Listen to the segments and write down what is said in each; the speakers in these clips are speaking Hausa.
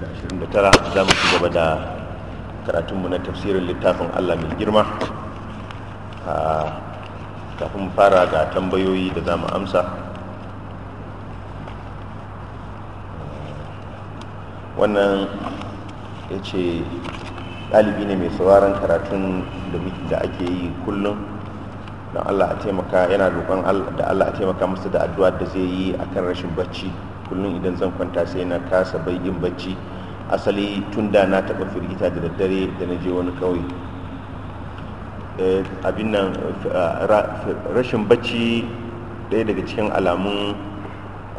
za mu ci gaba da karatunmu na tafsirin littafin Allah mai girma ah, kafin fara ga tambayoyi da za mu amsa wannan ya ce ɗalibi ne mai sauraron karatun da ake yi kullum don Allah a taimaka yana roƙon da Allah a taimaka masa da addu'a da zai yi akan rashin bacci kullum idan zan kwanta sai na kasa bai yin bacci asali tun da na taɓa firgita da daddare da na je wani ƙauye eh, abin nan eh, rashin bacci ɗaya daga cikin alamun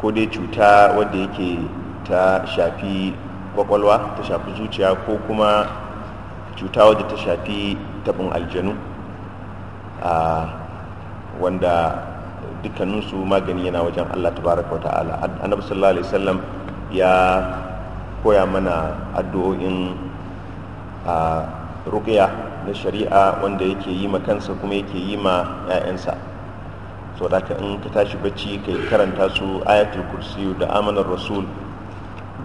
ko dai cuta wadda yake ta shafi kwakwalwa ta shafi zuciya ko kuma cuta wadda ta shafi taɓin aljanu ah, wanda dukkaninsu magani yana wajen Allah tabaraka wata'ala annabi sallallahu alaihi wasallam ya koya mana addu'o'in a ruqya na shari'a wanda yake yi ma kansa kuma yake yi ma 'ya'yansa so da ka in ka tashi bacci kai karanta su ayatul kursi da amanar rasul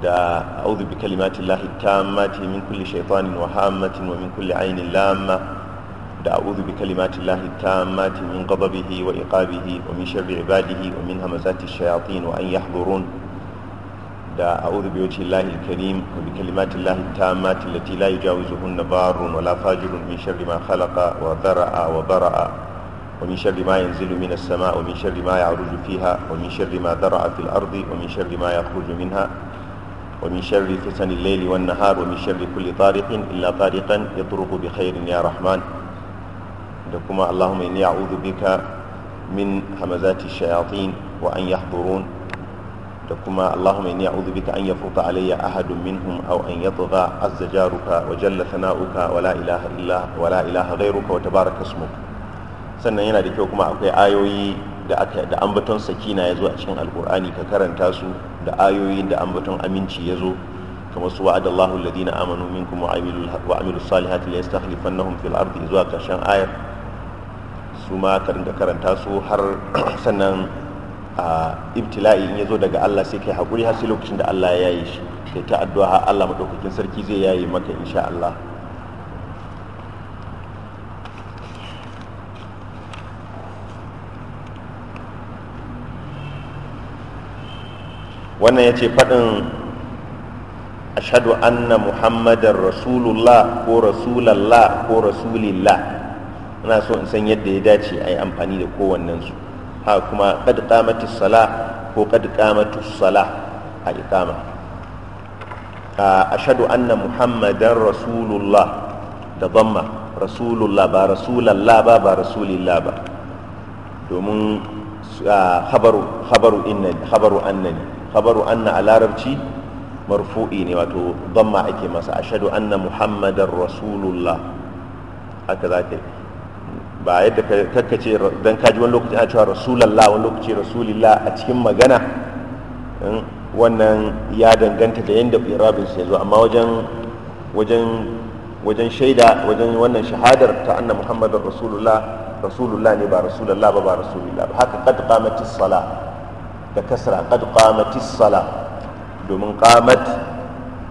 da a'udhu bi kalimatillahi tammati min kulli shaytanin wa hammatin wa min kulli 'aynin lamma da a'udhu bi kalimati llahi tammati min ghadabihi wa iqabihi wa min sharri ibadihi wa min hamazati shayatin wa an yahdurun da a'udhu bi wajhi llahi alkarim wa bi kalimati llahi tammati allati la yujawizuhunna barrun wa la fajirun min sharri ma khalaqa wa dhara'a wa bara'a ومن شر ما ينزل من السماء ومن شر ما يعرج فيها ومن شر ما ذرع في الأرض ومن شر ما يخرج منها ومن شر فتن الليل والنهار ومن شر كل طارق إلا طارقا يطرق بخير يا رحمن da kuma Allahumma inni a'udhu bika min hamazati shayatin wa an yahdurun da kuma Allahumma inni a'udhu bika an yafuta alayya ahadun minhum aw an yatgha azza jaruka wa jalla thana'uka wa la ilaha illa wa la ilaha ghayruka wa tabaraka ismuk sannan yana da kyau kuma akwai ayoyi da aka da ambaton sakina yazo a cikin alqur'ani ka karanta su da ayoyin da ambaton aminci yazo kamar su wa'ada Allahu alladhina amanu minkum wa amilus salihati la yastakhlifannahum fil ardi zuwa karshen ayar su ma ka dinga karanta su har sannan a ibtila'i in ya zo daga Allah sai kai hakuri har sai lokacin da Allah ya yi shi kai ta addu'a har Allah maɗaukakin sarki zai yayi maka insha Allah wannan ya ce faɗin ashadu anna muhammadar rasulullah ko rasulallah ko rasulillah ina so in san yadda ya dace a yi amfani da kowannen su ha kuma kad qamatis sala ko kad qamatus sala a iqama ashhadu anna muhammadan rasulullah da dhamma rasulullah ba rasulallah ba ba rasulillah ba domin khabaru khabaru inna khabaru annani khabaru anna a larabci marfu'i ne wato dhamma ake masa ashhadu anna muhammadan rasulullah haka zaka yi ba yadda ka kakkace dan kaji wani lokaci ana cewa rasulallah wani lokaci rasulillah a cikin magana wannan ya danganta da yadda irabin sai zo amma wajen wajen wajen shaida wajen wannan shahadar ta anna muhammadar rasulullah rasulullah ne ba rasulullah ba ba rasulullah haka kad qamati sala da kasra kad qamati sala domin qamat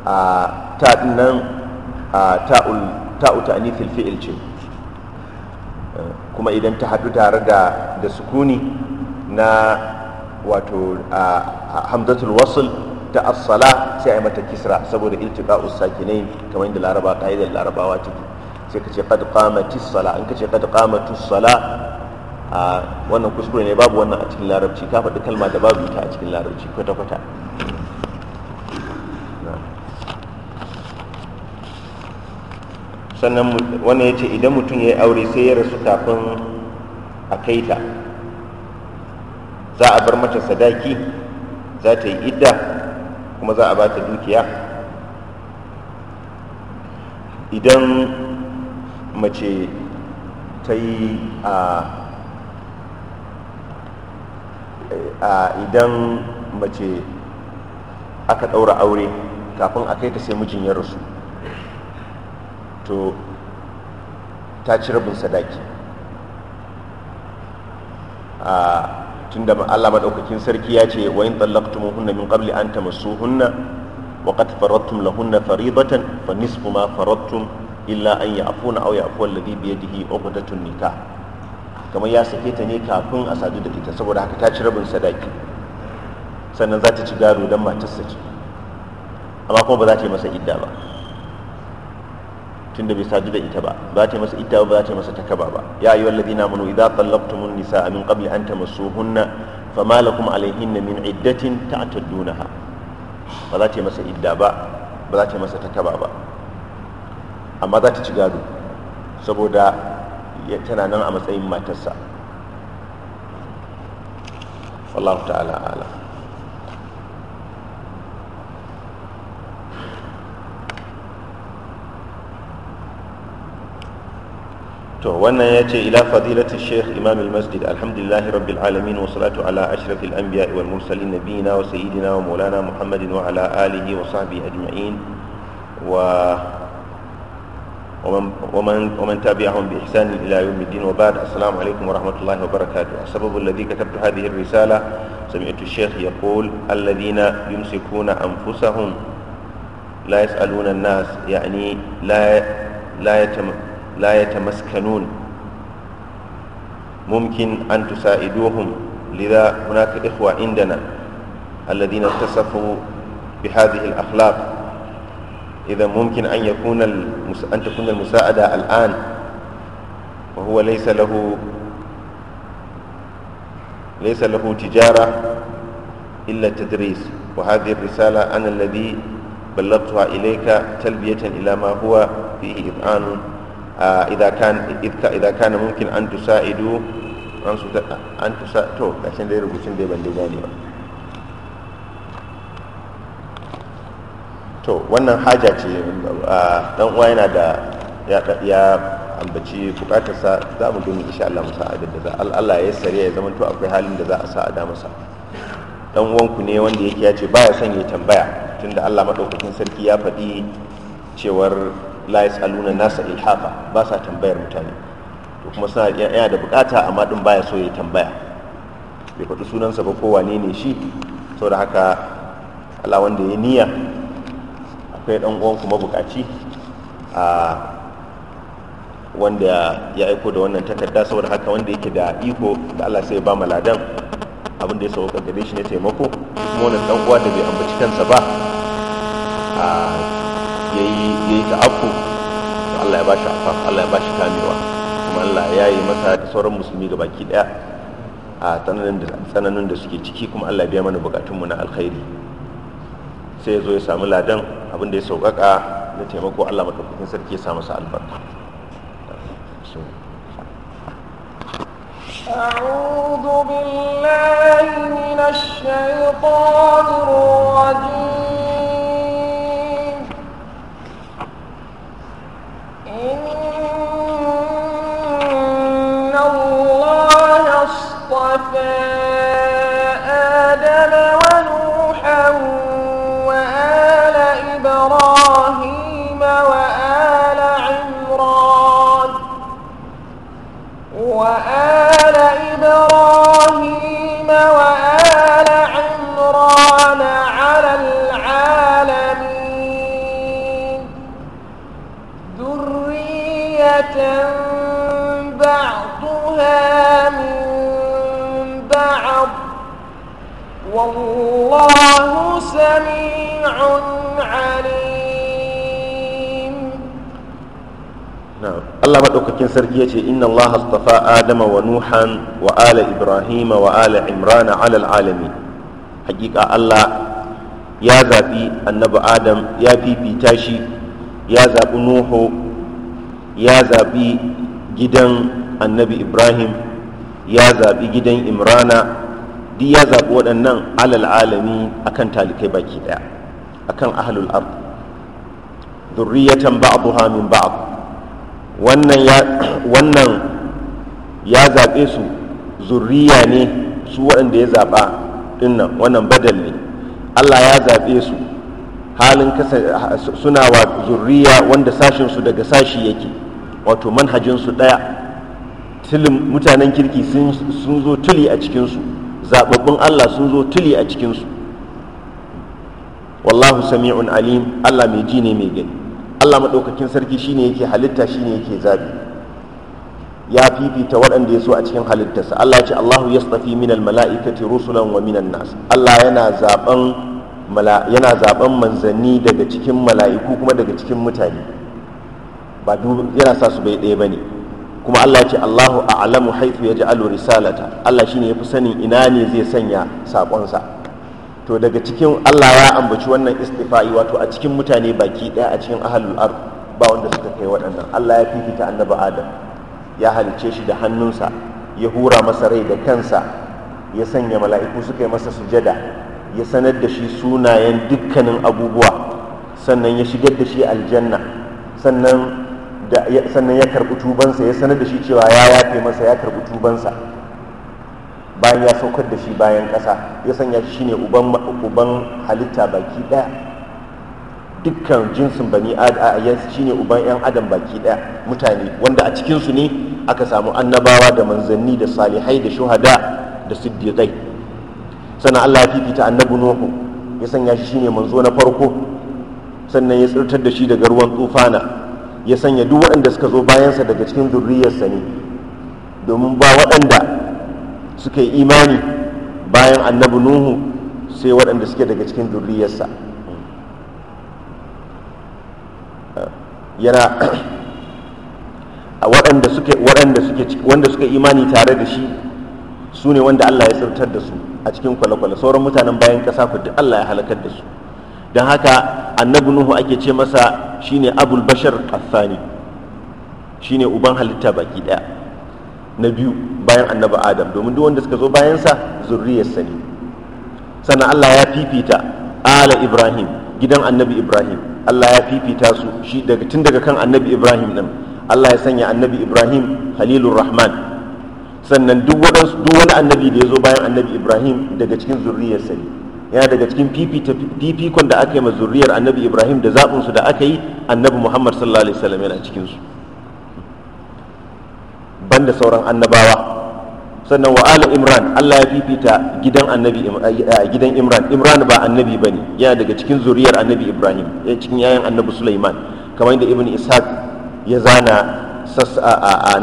a ta dinnan a ta'ul ta'u ta'nithil fi'il ce kuma idan ta haɗu tare da da sukuni na wato hamzatul wasl ta asala sai a yi mata kisra saboda iltiqa'us sakinain kamar inda laraba da larabawa take sai ka ce qad qamatis sala in ka ce qad qamatus sala wannan kuskure ne babu wannan a cikin larabci ka faɗi kalma da babu ita a cikin larabci kwata kwata sannan wannan ya ce idan mutum ya yi aure sai ya rasu kafin a kai ta za a bar mata sadaki za ta yi idda kuma za a ba ta dukiya idan mace ta yi a idan mace aka ɗaura aure kafin a kai ta sai mijin ya rasu to ta ci rabin sadaki a tunda Allah madaukakin sarki ya ce wa in tallaqtumuhunna min qabli an tamassuhunna wa qad faradtum lahunna faridatan fa nisfu ma faradtum illa an ya'funa aw ya'fu alladhi bi yadihi uqdatun nikah kamar ya sake ta ne kafin a sadu da ita saboda haka ta ci rabin sadaki sannan za ta ci gado dan matarsa ce amma kuma ba za ta yi masa idda ba tunda bai sadu da ita ba ba ta masa ita ba za ta masa takaba ba ya ayyuhal ladina amanu idza tallaqtumun nisaa min qabli an tamassuhunna fama lakum alayhinna min iddatin ta'taddunaha ba za ta masa idda ba ba za ta masa takaba ba amma za ta ci gado saboda tana nan a matsayin matarsa wallahu ta'ala ala. to wannan ya ce ila fadilatul sheikh imam al-masjid alhamdulillahi rabbil alamin wa salatu ala ashrafil anbiya wal mursalin nabiyina wa sayyidina wa maulana muhammadin wa ala alihi wa sahbihi ajma'in wa ومن ومن تابعهم باحسان الى يوم الدين وبعد السلام عليكم ورحمه الله وبركاته السبب الذي كتبت هذه الرساله سمعت الشيخ يقول الذين يمسكون انفسهم لا يسالون الناس يعني لا لا يتم لا يتمسكنون ممكن أن تساعدوهم لذا هناك إخوة عندنا الذين اتصفوا بهذه الأخلاق إذا ممكن أن, يكون المس... أن تكون المساعدة الآن وهو ليس له ليس له تجارة إلا التدريس وهذه الرسالة أنا الذي بلغتها إليك تلبية إلى ما هو فيه إذعان إذا كان إذا كان ممكن أن تساعدوا أن تساعدوا عشان دي ربوتين دي بندي ba. to wannan haja ce dan uwa yana da ya ambaci sa za mu gani insha Allah musa adad da za Allah ya sare ya zama to akwai halin da za a sa a da masa dan uwanku ne wanda yake ya ce baya son ya tambaya tunda Allah madaukakin sarki ya faɗi cewar la yasaluna nasa ilhafa ba sa tambayar mutane to kuma suna yana da bukata amma din baya so ya tambaya bai faɗi sunansa ba ko wane ne shi sau da haka Allah wanda ya niyya akwai ɗan uwan kuma bukaci a wanda ya aiko da wannan takarda sau da haka wanda yake da iko da Allah sai ya ba maladan abin ya sauka gare shi ne taimako kuma wannan dan uwa da bai ambaci kansa ba a da Allah ya shi afa Allah ya shi kamewa kuma Allah ya yi masa da sauran musulmi ga baki daya a tsananin da suke ciki kuma Allah biya mana bukatunmu na alkhairi sai ya zo ya samu ladan abin da ya sauƙaƙa na taimako Allah madaukakin sarki ya samu sa masa albarka أعوذ بالله من الشيطان الرجيم I Muhammad. سميع عليم نعم الله مدوكاكين سركي إن الله اصطفى آدم ونوحا وآل إبراهيم وآل عمران على العالمين حقيقة الله ya zaɓi annabi adam ya fifita shi ya zaɓi nuhu ya zaɓi gidan annabi ibrahim ya zaɓi gidan imrana duk ya zaɓi waɗannan alal alami akan talikai baki ɗaya akan ahalul ard zurriyatan ba'dha hamin ba'd wannan ya zaɓe su zurriya ne su waɗanda ya zaɓa dinnan wannan badal ne Allah ya zaɓe su halin suna wa zurriya wanda sashensu daga sashi yake wato manhajinsu ɗaya. ɗaya mutanen kirki sun zo tuli a cikinsu zaɓaɓɓun Allah sun zo tuli a cikinsu wallahu sami'un alim Allah mai ji ne mai gani Allah maɗaukakin sarki shine yake halitta shine yake zaɓi ya fifita waɗanda ya so a cikin halittarsa Allah ce Allahu yastafi minal mala'ikati rusulan wa minan nas Allah yana zaban yana manzanni daga cikin mala'iku kuma daga cikin mutane ba yana sa su bai ɗaya ba ne kuma Allah ya ce Allahu a'lamu haythu yaj'alu risalata Allah shine yafi sanin ina ne zai sanya sakonsa to daga cikin Allah ya ambaci wannan istifa'i wato a cikin mutane baki daya a cikin ahlul ard ba wanda suka kai waɗannan Allah ya fifita annabi Adam ya halice shi da hannunsa ya hura masa rai da kansa ya sanya mala'iku suka yi masa sujada ya sanar da shi sunayen dukkanin abubuwa sannan ya shigar da shi aljanna sannan da sannan ya karɓi tubansa ya sanar da shi cewa ya yafe masa ya karɓi tubansa bayan ya saukar da shi bayan ƙasa ya sanya shi ne uban halitta baki ɗaya dukkan jinsin bani adam ne uban yan adam baki ɗaya mutane wanda a cikinsu ne aka samu annabawa da manzanni da salihai da shuhada da siddiqai sannan Allah ya fifita annabi Nuhu ya sanya shi shine manzo na farko sannan ya tsirtar da shi daga ruwan tsufana ya sanya duk waɗanda suka zo bayansa daga cikin zurriyarsa ne domin ba waɗanda suka yi imani bayan annabi nuhu sai waɗanda suke daga cikin zurriyarsa yana waɗanda suke waɗanda suke wanda suka imani tare da shi su ne wanda Allah ya tsirtar da su a cikin kwale-kwale sauran mutanen bayan ƙasa ku duk Allah ya halakar da su don haka annabi nuhu ake ce masa shine abul bashar athani shine uban halitta baki daya na biyu bayan annabi adam domin duk wanda suka zo bayansa zurriyar sani. sannan allah ya fifita ala ibrahim gidan annabi ibrahim allah ya fifita su shi daga tun daga kan annabi ibrahim din allah ya sanya annabi ibrahim halilur rahman sannan duk wani annabi da ya zo bayan annabi ibrahim daga cikin zurriyar sani. yana daga cikin fifikon da aka yi mazuriyar annabi ibrahim da zaɓinsu da aka yi annabi muhammad sallallahu alaihi wasallam yana cikinsu banda sauran annabawa sannan wa ala imran allah ya fifita gidan annabi gidan imran imran ba annabi ba ne yana daga cikin zuriyar annabi ibrahim ya cikin yayan annabi sulaiman kamar yadda ibn ishaq ya zana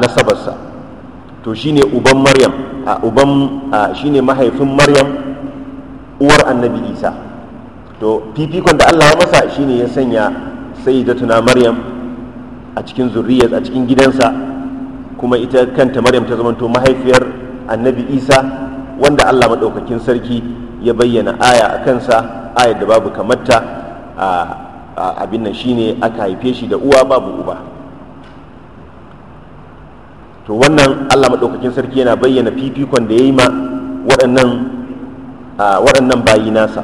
nasabarsa to shine uban maryam uban shine mahaifin maryam uwar annabi isa to fifikon da allah ya masa shine ya sanya tuna maryam a cikin zuriya a cikin gidansa kuma ita kanta maryam ta zamanto mahaifiyar annabi isa wanda allah maɗaukakin sarki ya bayyana aya a kansa ayar da babu kamarta a abin nan shine aka haife shi da uwa babu uba to wannan allah maɗaukakin sarki yana bayyana fifikon da ya yi ma waɗannan waɗannan bayi nasa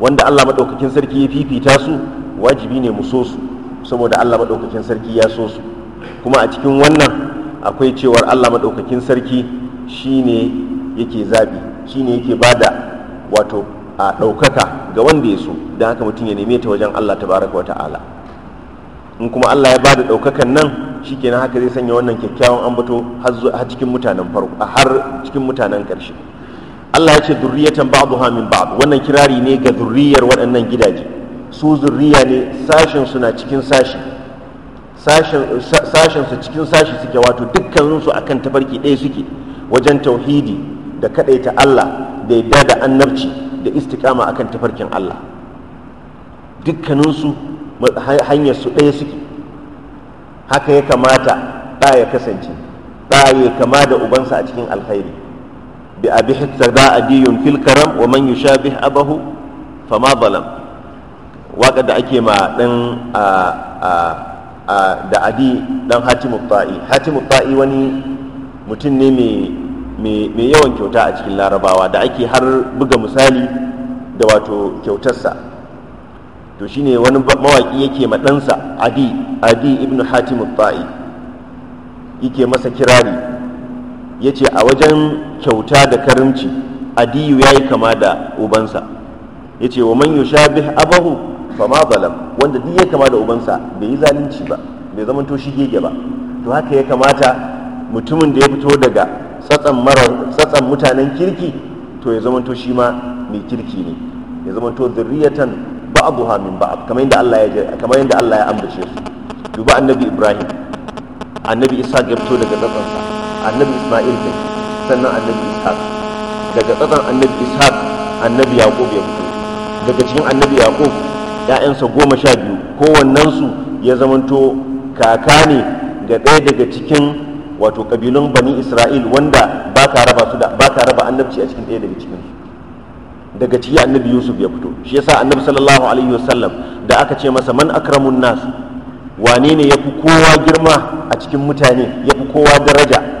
wanda Allah maɗaukakin sarki ya fifita su wajibi ne mu so su saboda Allah maɗaukakin sarki ya so su kuma a cikin wannan akwai cewar Allah maɗaukakin sarki shine yake zaɓi shine yake da wato a ɗaukaka ga wanda ya so don haka mutum ya neme ta wajen Allah baraka wa ta'ala in kuma Allah ya bada ɗaukakan nan shi shikenan haka zai sanya wannan kyakkyawan ambato har har cikin mutanen ƙarshe Allah ya ce zurriyatan ha min ba'd wannan kirari ne ga zurriyar waɗannan gidaje su zurriya ne sashin suna cikin sashi sashin su cikin sashi suke wato dukkan su akan tafarki ɗaya suke wajen tauhidi da kadaita Allah da yadda da annabci da istiqama akan tafarkin Allah dukkanin su hanyar su ɗaya suke haka ya kamata ɗa ya kasance ɗa ya kama da ubansa a cikin alkhairi بأبيح السداء دي في الكرم ومن يشابه أبه فما ظلم وقد أكيما لن da adi dan hatimu ta'i hatimu ta'i wani mutum ne mai yawan kyauta a cikin larabawa da ake har buga misali da wato kyautarsa to shine wani mawaƙi yake ma ɗansa adi adi ibnu hatimu ta'i yake masa kirari ya ce a wajen kyauta da karimci adiyu ya yi kama da ubansa ya ce wa man yushabih abahu fa ma zalam wanda duk ya kama da ubansa bai yi zalunci ba bai zama to shi gege ba to haka ya kamata mutumin da ya fito daga tsatsan mutanen kirki to ya zama to shi ma mai kirki ne ya zama to zurriyatan ba'dha min ba'd kamar yadda Allah ya yadda Allah ya ambace su duba annabi Ibrahim annabi Isa ya fito daga tsatsansa annabi isma'il ne sannan annabi ishaq daga tsatsan annabi ishaq annabi yaqub ya fito daga cikin annabi yaqub ya'yansa goma sha biyu kowannensu ya zamanto kaka ne ga ɗaya daga cikin wato kabilun bani isra'il wanda ba ka raba su da ba ka raba annabci a cikin ɗaya daga cikin daga ciki annabi yusuf ya fito shi yasa annabi sallallahu alaihi wasallam da aka ce masa man akramun nas wane ne yafi kowa girma a cikin mutane yafi kowa daraja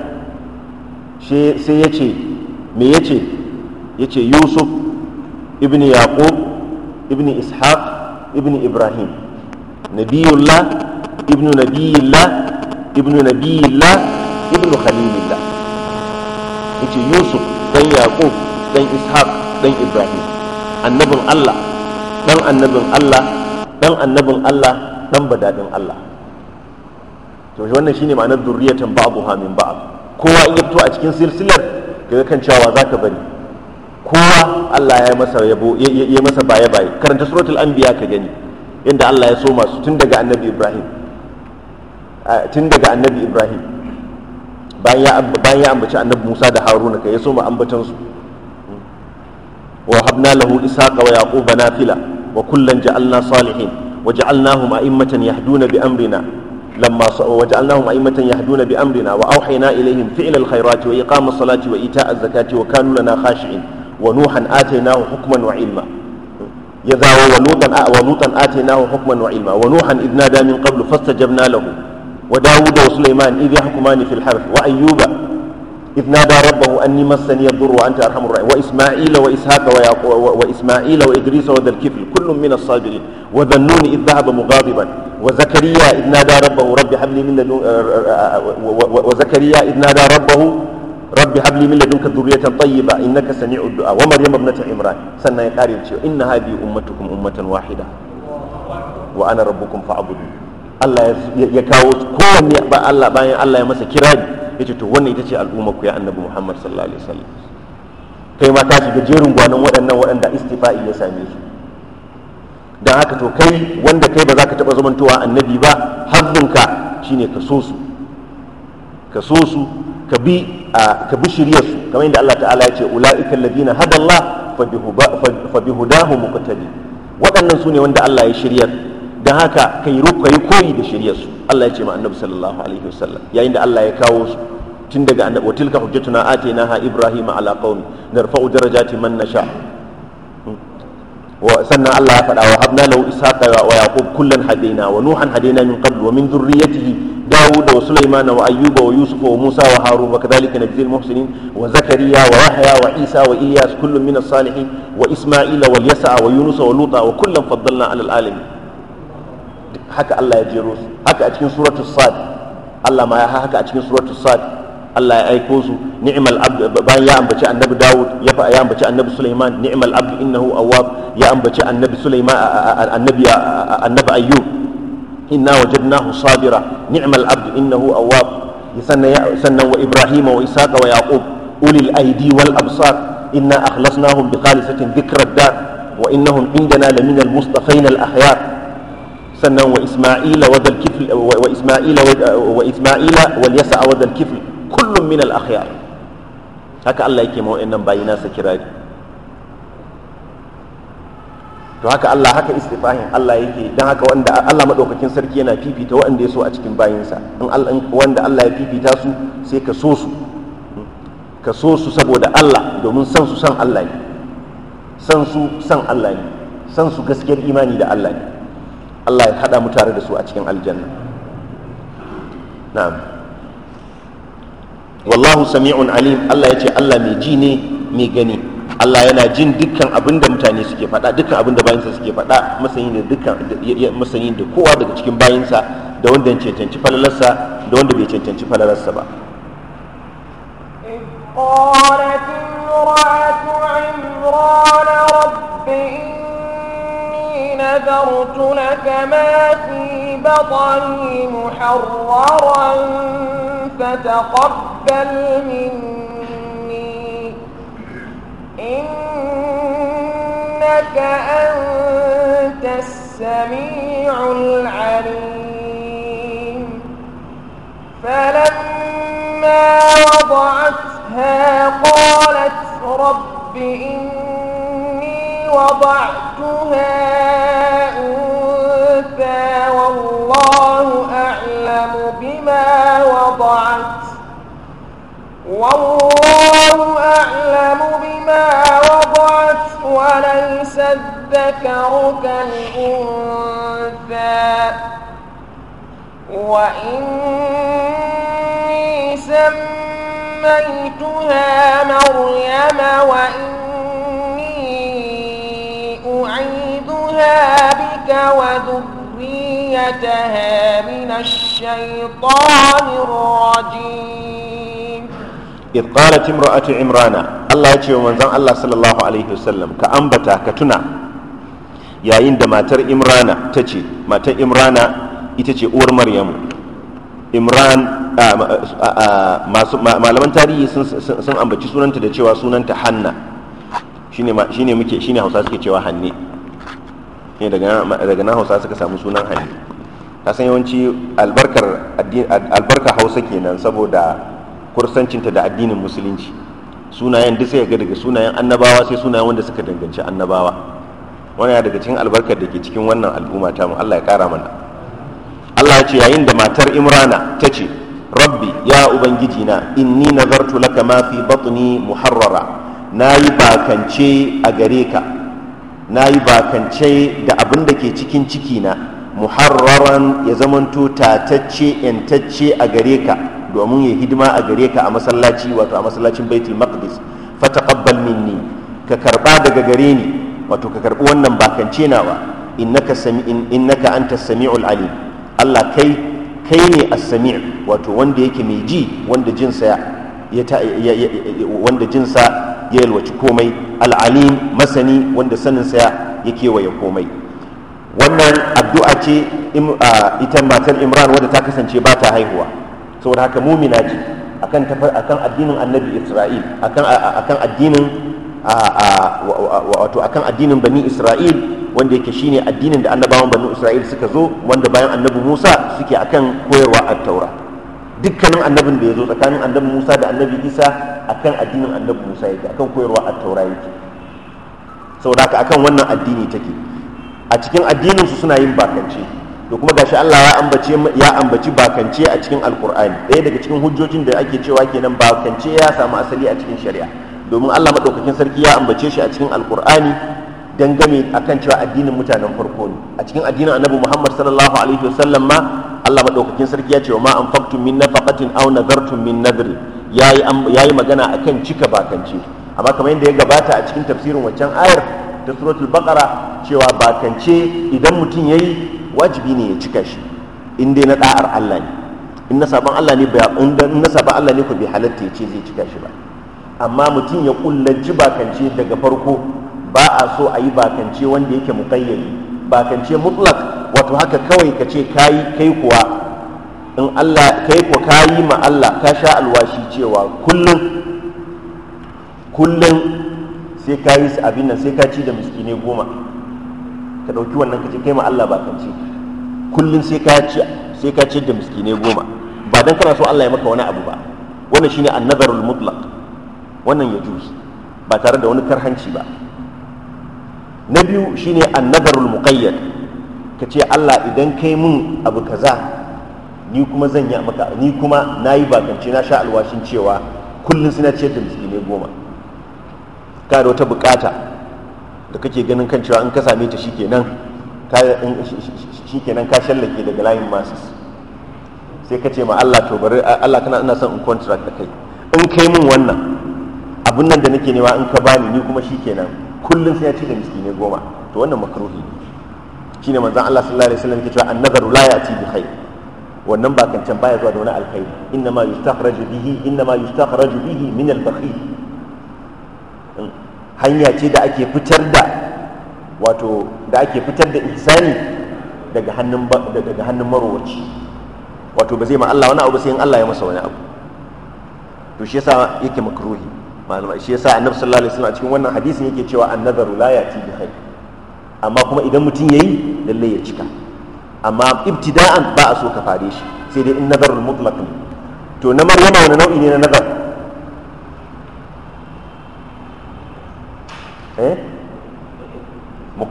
sai ya ce me ya ce ya ce yusuf ibn yaqub ibn ishaq ibn ibrahim nabiyullah ibn nabiyillah ibn nabiyillah ibn khalilillah ya ce yusuf dan yaqub dan ishaq dan ibrahim annabin allah dan annabin allah dan annabin allah dan badadin allah to wannan shine ma'anar durriyatan babu hamin ba'a. kowa in ya fito a cikin silsilar daga kan cewa za ka bari kowa Allah ya masa yabo ya masa baye baye karanta suratul anbiya ka gani inda Allah ya so masu tun daga annabi Ibrahim tun daga annabi Ibrahim bayan ya ambaci annabi Musa da Haruna kai ya so mu ambatan su wa habna lahu isaqa wa yaquba nafila wa kullan ja'alna salihin wa ja'alnahum a'immatan yahduna bi amrina لما وجعلناهم أئمة يهدون بأمرنا وأوحينا إليهم فعل الخيرات وإقام الصلاة وإيتاء الزكاة وكانوا لنا خاشعين ونوحا آتيناه حكما وعلما يذا ولوطا ولوطا آتيناه حكما وعلما ونوحا إذ نادى من قبل فاستجبنا له وداود وسليمان إذ يحكمان في الحرث وأيوب إذ نادى ربه أني مسني الضر وأنت أرحم الراحمين وإسماعيل وإسحاق وإسماعيل وإدريس وذا الكفل كل من الصابرين وذا النون إذ ذهب مغاضبا wa zakariya idh nada rabbahu rabbi habli min ladun eh, eh, eh, wa zakariya idh nada rabbahu rabbi habli min ladunka dhurriyatan tayyiba innaka sami'ud imran sannan ya kare cewa inna hadhihi ummatukum ummatan wa Allah ya kawo kowanne ba Allah bayan Allah ya masa kirari yace to wannan ita ce al'umma ku ya annabi Muhammad sallallahu alaihi wasallam kai ma ta shiga jerin gwanon waɗannan waɗanda istifa'i ya same su don haka to kai wanda kai ba za ka taɓa zamantowa annabi ba hazzinka shine ka so su ka so su ka bi ka bi su kamar yadda Allah ta'ala ya ce ula'ika alladhina hada Allah fa bihudahu muqtadi waɗannan su ne wanda Allah ya shiryar don haka kai ruka yi koyi da shirya su Allah ya ce ma annabi sallallahu alaihi wasallam yayin da Allah ya kawo su tun daga annabi wa tilka hujjatuna atainaha ibrahima ala qaumi narfa'u darajati man nasha' sannan Allah ya faɗa wa habna lahu ishaqa wa yaqub kullan hadaina wa nuhan hadaina min qabl wa min dhurriyyatihi داود وسليمان وأيوب ويوسف وموسى وهارون وكذلك نجزي المحسنين وزكريا ويحيى وعيسى وإياس كل من الصالحين وإسماعيل واليسع ويونس ولوطا وكلا فضلنا على العالمين haka Allah ya jero haka a cikin suratul sad Allah ma ya haka a cikin suratul sad Allah ya aiko su ni'mal abd bayan ya ambaci annabi Dawud ya fa ya ambaci annabi Sulaiman ni'mal abd innahu awwab ya ambaci annabi Sulaiman annabi annabi Ayyub inna wajadnahu sabira ni'mal abd innahu awwab sannan sannan wa Ibrahim wa Isaka wa Yaqub ulil aidi wal absar inna akhlasnahum bi khalisatin dhikra dar wa innahum indana lamina al mustafaina al akhyar sannan wa Isma'ila wa dhal kifl wa Isma'ila wa Isma'ila wal yasa wa dhal kifl kullum min al'ahiyar, haka Allah yake ma wayannan bayi nasa kirari to haka Allah haka istifahin Allah yake dan haka wanda Allah madaukakin sarki yana fifita wanda ya so a cikin bayinsa in wanda Allah ya fifita su sai ka so su ka so su saboda Allah domin san su san Allah ne san su san Allah ne san su gaskiyar imani da Allah ne Allah ya haɗa mu tare da su a cikin aljanna na'am wallahu sami'un alim Allah ya ce Allah mai ji ne mai gani Allah yana jin dukkan abin da mutane suke faɗa dukkan abin da bayansa suke faɗa masanyin da dukkan masanyin da kowa daga cikin bayansa da wanda cancanci falalarsa da wanda bai cancanci falalarsa ba قالت نذرت لك ما في بطني محررا فتقبل تقبل مني إنك أنت السميع العليم فلما وضعتها قالت رب إني وضعتها أنثى والله أعلم بما وضعت والله أعلم بما وضعت وليس الذكر كالأنثى وإني سميتها مريم وإني أعيدها بك وذريتها من الشيطان الرجيم إذ قالت امرأة عمران الله يتشي ومنزان الله صلى الله عليه وسلم كأنبتا كتنا يا عند ما تر إمرانا تتشي ما تر إمرانا يتشي أور مريم إمران malaman tarihi sun ambaci sunanta da cewa sunanta hanna shine muke hausa suke cewa hanne daga nan hausa suka samu sunan hanne ta yawanci albarkar hausa kenan saboda kursancinta da addinin musulunci sunayen duk sai ga daga sunayen annabawa sai sunayen wanda suka danganci annabawa wani daga cikin albarkar da ke cikin wannan al'umma ta mu Allah ya kara mana Allah ya ce yayin da matar Imrana ta ce rabbi ya ubangiji na inni nazartu laka ma fi batni muharrara nayi bakance a gare ka nayi bakance da abin da ke cikin ciki na muharraran ya zamanto tatacce yantacce a gare ka domin ya hidima a gare ka a masallaci wato a masallacin baitul maqdis taqabbal minni ka karba daga gare ni wato ka karbi wannan bakance nawa innaka sami'in innaka anta sami'ul alim Allah kai kai ne as-sami' wato wanda yake mai ji wanda jinsa ya wanda jinsa ya yalwaci komai al-alim masani wanda sanin sa ya kewaye komai wannan addu'a ce ita matar imran wadda ta kasance ba ta haihuwa saboda haka mumina ce akan akan addinin annabi isra'il akan akan addinin wato akan addinin bani isra'il wanda yake shine addinin da annabawan bani isra'il suka zo wanda bayan annabi musa suke akan koyarwa a taura dukkanin annabin da ya zo tsakanin annabi musa da annabi isa akan addinin annabi musa yake akan koyarwa a taura yake saboda haka akan wannan addini take a cikin addininsu suna yin bakance to kuma gashi Allah ya ambace ya ambaci bakance a cikin alkur'ani ɗaya daga cikin hujjojin da ake cewa kenan bakance ya samu asali a cikin shari'a domin Allah madaukakin sarki ya ambace shi a cikin alkur'ani dangane akan cewa addinin mutanen farko ne a cikin addinin annabi Muhammad sallallahu alaihi wasallam ma Allah madaukakin sarki ya ce ma anfaqtum min nafaqatin aw nadartum min nadri yayi yayi magana akan cika bakance amma kamar yadda ya gabata a cikin tafsirin waccan ayar ta suratul bakara cewa bakance idan mutum ya yi wajibi ne ya cika shi inda na da'ar Allah ne in na sabon Allah ne in na Allah ne ku bai halatta ya ce zai cika shi ba amma mutum ya kullanci bakance daga farko ba a so a yi bakance wanda yake muqayyadi bakance mutlak wato haka kawai ka ce kayi kai kuwa in Allah kai ko kayi ma Allah ka sha alwashi cewa kullum kullum sai ka yi su abin nan sai ka ci da miskinai goma ka ɗauki wannan ka ce kai ma Allah ba kan ce kullum sai ka ci sai ka ci da miskinai goma ba dan kana so Allah ya maka wani abu ba wannan shine annazarul mutlaq wannan ya juzu ba tare da wani karhanci ba na biyu shine annazarul muqayyad ka ce Allah idan kai mun abu kaza ni kuma zan yi maka ni kuma nayi bakance na sha alwashin cewa kullum suna ciyar da miskinai goma ka da wata bukata da kake ganin kan cewa in ka same ta shikenan ka shikenan ka shallake daga layin masas sai ka ce ma Allah to bari Allah kana ina son in contract da kai in kai min wannan abun nan da nake nema in ka bani ni kuma shikenan kullun sai ya ci da miskine goma to wannan makruhi shine manzon Allah sallallahu alaihi wasallam yake cewa an-nazaru la ya'ti bi khair wannan ba can baya zuwa da wani alkhairi inna ma yustakhraju bihi inna ma yustakhraju bihi min al-bakhil hanya ce da ake fitar da wato da ake fitar da ihsani daga hannun daga hannun marowaci wato ba zai ma Allah wani abu sai in Allah ya masa wani abu to shi yasa yake makruhi malama shi yasa annabi sallallahu alaihi wasallam a cikin wannan hadisin yake cewa annazaru la yati bi khair amma kuma idan mutum yayi lalle ya cika amma ibtida'an ba a so ka fare shi sai dai in nazarul mutlaq to na maryama wani nau'i ne na nazar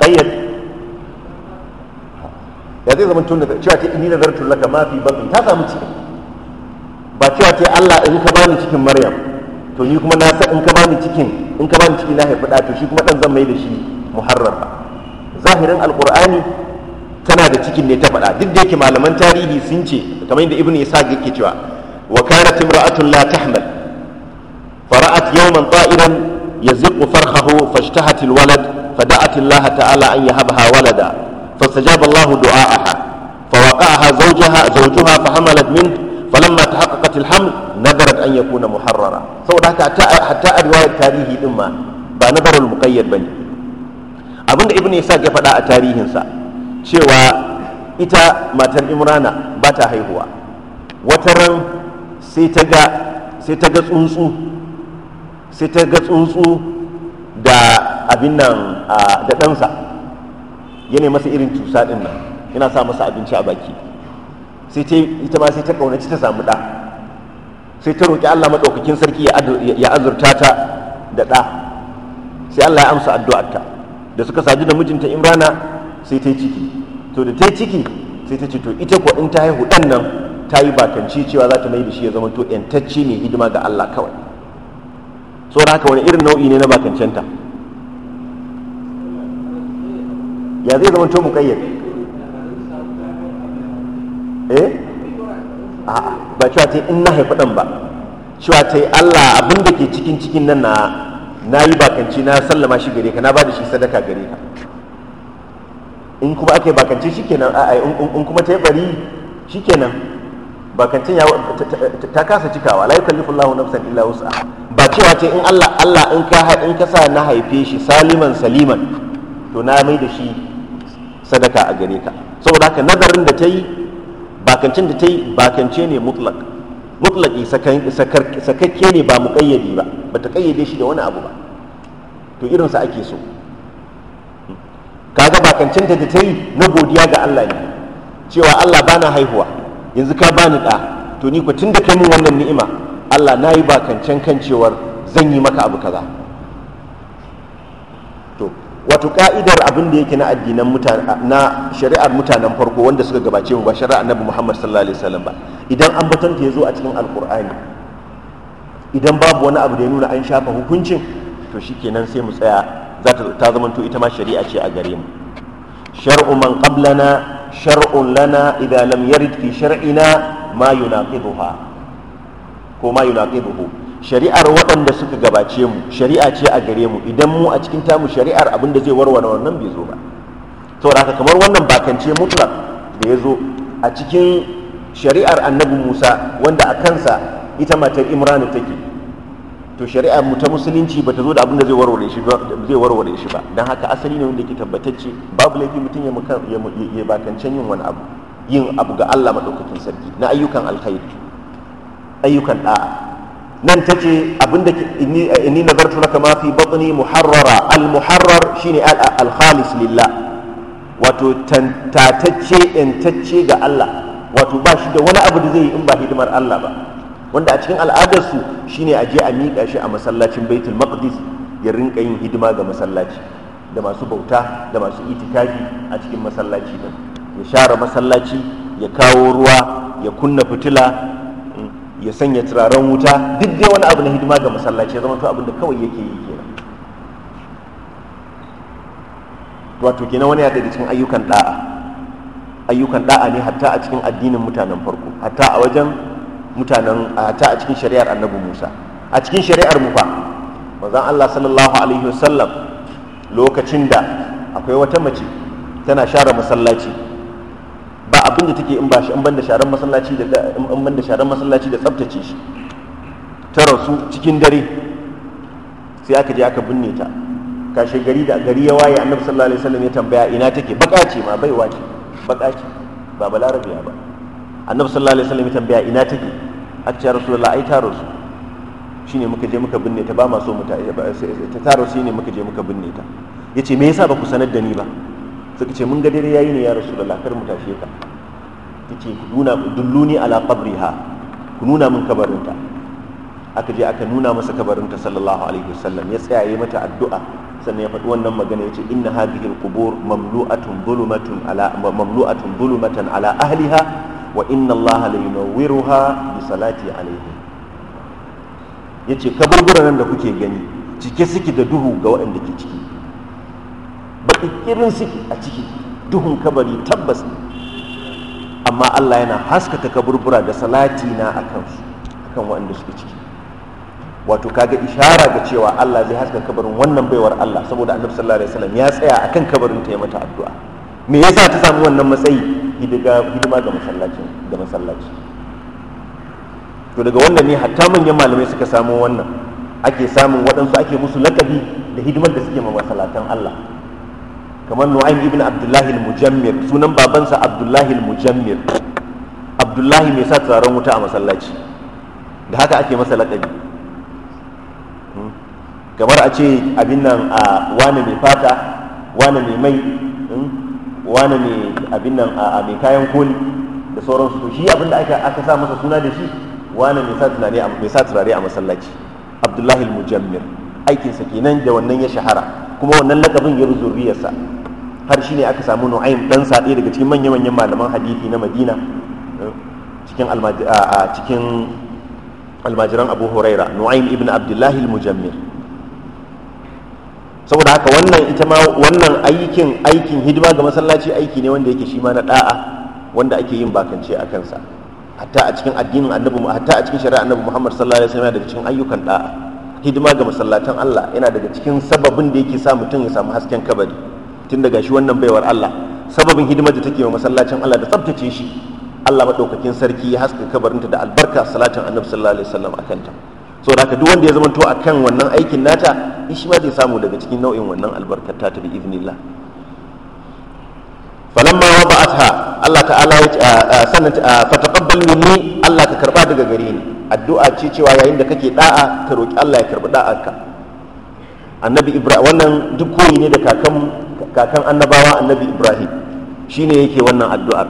ayyar ya zai zama tun da cewa ce inni nazar laka ma fi batni ta samu ciki ba cewa ce Allah in ka bani cikin Maryam to ni kuma na san in ka bani cikin in ka bani ciki na haifi da to shi kuma dan zan mai da shi muharram zahirin alqur'ani tana da cikin ne ta faɗa duk da yake malaman tarihi sun ce kamar yadda ibnu isaq yake cewa wa kanat imra'atun la tahmal fara'at yawman ta'iran yaziqu farhahu fashtahat alwalad فدعت الله تعالى أن يهبها ولدا فاستجاب الله دعاءها فوقعها زوجها زوجها فحملت منه فلما تحققت الحمل نذرت أن يكون محررا سو حتى حتى الرواية التاريخي إما بنظر المقيد بني abinda ibn isa ya faɗa a tarihinsa cewa ita matan imrana ba ta haihuwa wata ran sai ta ga tsuntsu sai ta ga tsuntsu da abin nan da ɗansa yana masa irin cusa ɗin nan yana sa masa abinci a baki sai ta ita ma sai ta ƙaunaci ta samu ɗa sai ta roƙi Allah maɗaukakin sarki ya azurta ta da ɗa sai Allah ya amsa addu'arta da suka sadu da mijinta Imrana sai ta yi ciki to da ta yi ciki sai ta ce to ita ko in ta haihu ɗan nan ta yi bakanci cewa za ta mai da shi ya zama to ƴantacce mai hidima ga Allah kawai So da haka wani irin nau'i ne na bakancenta ya zai zama to mukayyar eh a'a ba cewa ta in na haifi ɗan ba cewa ta Allah abin da ke cikin cikin nan na na yi bakanci na sallama shi gare ka na ba da shi sadaka gare ka in kuma ake yi bakance shi kenan a in kuma ta yi bari shi kenan bakancin ta kasa cikawa la yukallifu Allahu nafsan illa wasu cewa ce in Allah Allah in ka in ka sa na haife shi saliman saliman to na mai da shi sadaka a gare ka saboda haka nazarin da ta yi bakancin da ta yi bakance ne mutlak mutlaki sakakke ne ba mu kayyade ba ba ta kayyade shi da wani abu ba to irinsa ake so kaga bakancin da ta yi na godiya ga Allah ne cewa Allah bana haihuwa yanzu ka bani ɗa to ni ku tun da kai min wannan ni'ima Allah na yi bakancen kan cewar zan yi maka abu kaza to wato ka'idar abin da yake na addinan na shari'ar mutanen farko wanda suka gabace mu ba shari'ar annabi Muhammad sallallahu alaihi wasallam ba idan an batanta yazo a cikin alkur'ani idan babu wani abu da ya nuna an shafa hukuncin to shikenan sai mu tsaya za ta zamanto ita ma shari'a ce a gare mu shar'u man qablana shar'un lana idza lam yarid fi shar'ina ma yunaqiduha ko ma shari'ar waɗanda suka gabace mu shari'a ce a gare mu idan mu a cikin tamu shari'ar abin da zai warware wannan bai zo ba saboda haka kamar wannan bakance mutlak da ya zo a cikin shari'ar annabi musa wanda a kansa ita matar imranu take to shari'ar mu ta musulunci ba ta zo da abin da zai warware shi ba don haka asali ne wanda ke tabbatacce babu laifi mutum ya bakance yin wani abu yin abu ga allah maɗaukakin sarki na ayyukan alkhairi ayyukan ɗa'a nan ta ce abinda inni eh, na laka kama fi batni muharrara al muharrar shine al khalis lillah wato tantatacce yantacce ga Allah wato ba shi da wani abu da zai yi in ba hidimar Allah ba wanda a cikin al'adarsu su shine a je a miƙa shi a masallacin baitul maqdis ya rinka yin hidima ga masallaci da masu bauta da masu itikafi a cikin masallaci din ya share masallaci ya kawo ruwa ya kunna fitila ya sanya turaren wuta duk dai wani abu na hidima ga masallaci ya zama to abin da kawai yake yi kenan wato kenan wani ya daga cikin ayyukan da'a ayyukan da'a ne hatta a cikin addinin mutanen farko hatta a wajen mutanen hatta a cikin shari'ar annabi Musa a cikin shari'ar mu fa manzon Allah sallallahu alaihi wasallam lokacin da akwai wata mace tana share masallaci ba abin da take in ba shi in banda sharan masallaci da in banda sharan masallaci da tsaftace shi ta rasu cikin dare sai aka je aka binne ta kashe gari da gari ya waye annabi sallallahu alaihi wasallam ya tambaya ina take baka ce ma bai ce baka ce ba Balarabi ba annabi sallallahu alaihi wasallam ya tambaya ina take aka ce rasulullahi ai ta rasu shine muka je muka binne ta ba ma so mu ta ta rasu shine muka je muka binne ta yace me yasa ba ku sanar da ni ba suka ce mun ga dare yayi ne ya rasulullah kar mu tashe ka tace ku nuna dulluni ala qabriha ku nuna mun kabarinta aka je aka nuna masa kabarinta sallallahu alaihi wasallam ya tsaya yayi mata addu'a sannan ya faɗi wannan magana ya ce inna hadhihi alqubur mamlu'atun dhulumatun ala mamlu'atun dhulumatan ala ahliha wa inna allaha la yunawwiruha bi salati alaihi yace kaburburan da kuke gani cike suke da duhu ga waɗanda ke ciki Baƙi ƙirƙirin suke a ciki duhun kabari tabbas amma Allah yana haskaka kaburbura da salati na a kansu akan waɗanda suke ciki wato kaga ishara ga cewa Allah zai haska kabarin wannan baiwar Allah saboda Annabi sallallahu alaihi wasallam ya tsaya akan kabarin ta yi mata addu'a me yasa ta samu wannan matsayi hidima ga masallaci ga masallaci to daga wannan ne hatta manyan malamai suka samu wannan ake samun waɗansu ake musu lakabi da hidimar da suke ma masallatan Allah kamar nu'aym ibn abdullahi al-mujammir sunan babansa abdullahi al-mujammir abdullahi mai sa turaren wuta a masallaci da haka ake masa laƙabi hmm? kamar a ce abin nan a wane mai fata wane mai mai hmm? wane mai abin nan a mai kayan koli da sauransu to shi abin da aka sa masa suna da shi wane mai sa turare a masallaci abdullahi al-mujammir aikinsa kenan da wannan ya shahara kuma wannan lakabin ya zurriyarsa har shine aka samu nu'aym dan sa'i daga cikin manyan manyan malaman hadisi na madina cikin cikin almajiran abu huraira nu'aym ibn abdullah al-mujammil saboda haka wannan ita ma wannan aikin aikin hidima ga masallaci aiki ne wanda yake shi ma na da'a wanda ake yin bakance a kansa hatta a cikin addinin annabi hatta a cikin shari'a annabi Muhammad sallallahu alaihi wasallam daga cikin ayyukan da'a hidima ga masallatan Allah yana daga cikin sababin da yake sa mutum ya samu hasken kabari tun daga shi wannan baiwar Allah sababin hidimar da take wa masallacin Allah da tsabtace shi Allah madaukakin sarki ya haska kabarinta da albarka salatin annabi sallallahu alaihi wasallam akan ta so da duk wanda ya zama to akan wannan aikin nata shi ma zai samu daga cikin nau'in wannan albarkar ta ta bi iznillah falamma wada'atha Allah ta'ala ya sannan fa taqabbal minni Allah ka karba daga gare ni addu'a ce cewa yayin da kake da'a ka roki Allah ya karbi da'arka annabi ibrahim wannan duk koyi ne da kakan kakan annabawa annabi ibrahim shi shine yake wannan addu'ar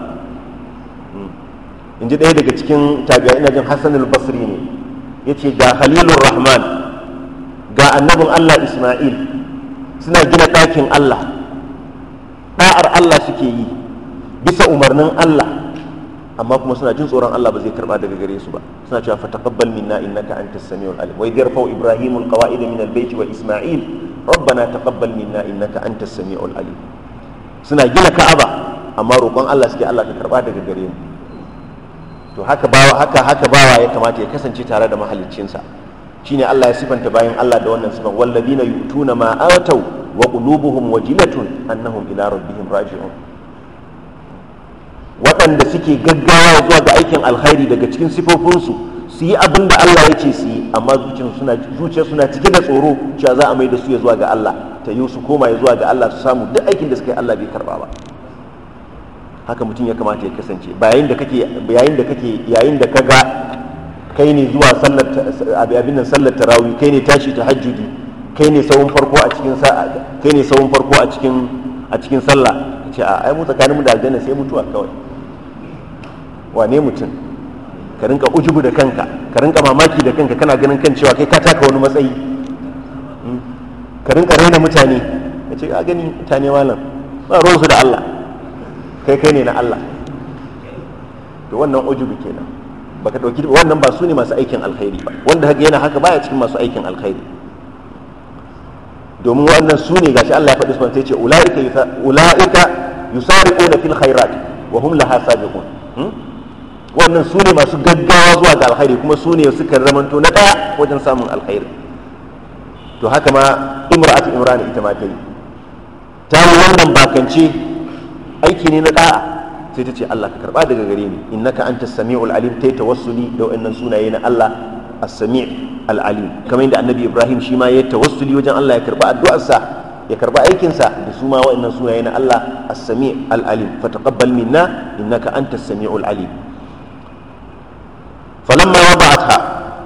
hmm. in ji ɗaya daga cikin tabi'a ina jin hassan al-basri ne ya ce ga halilun rahman ga annabin allah isma'il suna gina ɗakin allah ɗa'ar allah suke yi bisa umarnin allah amma kuma suna jin tsoron allah ba zai karba daga gare su ba suna cewa fataqabbal minna innaka antas samiul alim wa idhar fa ibrahimul qawaid min al-bayt wa isma'il rabbana taqabbal minna innaka antas sami'ul alim suna gina ka'aba amma roƙon Allah suke Allah ka karba daga gare mu to haka bawa haka haka bawa ya kamata ya kasance tare da mahaliccinsa ne Allah ya sifanta bayan Allah da wannan sifan walladina yutuna ma atau wa qulubuhum wajilatun annahum ila rabbihim raji'un waɗanda suke gaggawa zuwa ga aikin alkhairi daga cikin sifofinsu su yi abin da Allah ya ce su yi amma zuciya suna cike da tsoro cewa za a mai da su ya zuwa ga Allah ta yi su koma ya zuwa ga Allah su samu duk aikin da suka yi Allah bai karba ba haka mutum ya kamata ya kasance bayan da kake yayin da kake yayin da kaga kai ne zuwa sallar abin nan sallar tarawih kai ne tashi ta hajjudi kai ne sawun farko a cikin kai ne sawun farko a cikin a cikin sallah ce a ai mu tsakaninmu da aljanna sai mutuwa kawai wane mutum ka rinka ujubu da kanka ka rinka mamaki da kanka kana ganin kan cewa kai ka taka wani matsayi hmm? ka rinka raina mutane ka ce a gani mutane malam ba su da Allah kai kai ne na Allah to wannan ujubu kenan baka dauki wannan ba su ne masu aikin alkhairi ba wanda haka yana haka baya cikin masu aikin alkhairi domin wannan su ne gashi Allah ya faɗi su sai ce ulaika ulaika yusariquna fil khairat wa hum laha sabiqun hmm? wannan su ne masu gaggawa zuwa ga alkhairi kuma su ne suka zamanto na ɗaya wajen samun alkhairi to haka ma imra'atu imran ita ma ta yi ta yi wannan bakance aiki ne na ɗaya sai ta ce Allah ka karba daga gare ni innaka anta sami'ul alim ta yi tawassuli da wannan sunaye na Allah as-sami' al-alim kamar yadda annabi Ibrahim shi ma ya tawassuli wajen Allah ya karba addu'arsa ya karba aikinsa da su ma wannan sunaye na Allah as-sami al-alim fa taqabbal minna innaka antas samiul alim falamma wada'atha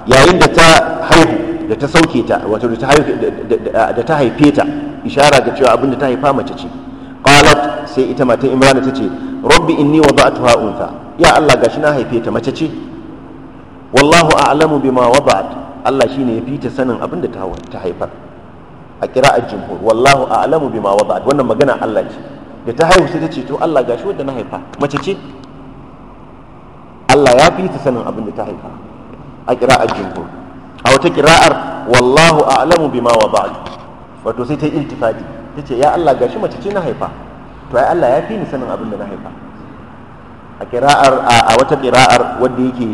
yayin da ta haihu da ta sauke ta wato da ta haife ishara ga cewa abin da ta haifa mace ce qalat sai ita matan imrana ta ce rabbi inni wada'tuha untha ya Allah gashi na haife mace ce wallahu a'lamu bima wada'at Allah shine ya fita sanin abin da ta haifar a qira'ar jumhur wallahu a'lamu bima wannan magana Allah da ta haihu sai ta ce to Allah wanda na haifa mace ce Allah ya fi ta sanin abin da ta haifa a kira'ar jumhur a wata kira'ar wallahu a'lamu bima wa ba'd wato sai ta Ta ce ya Allah gashi mace ce na haifa to ai Allah ya fi ni sanin abin da na haifa a kira'ar a wata kira'ar wanda yake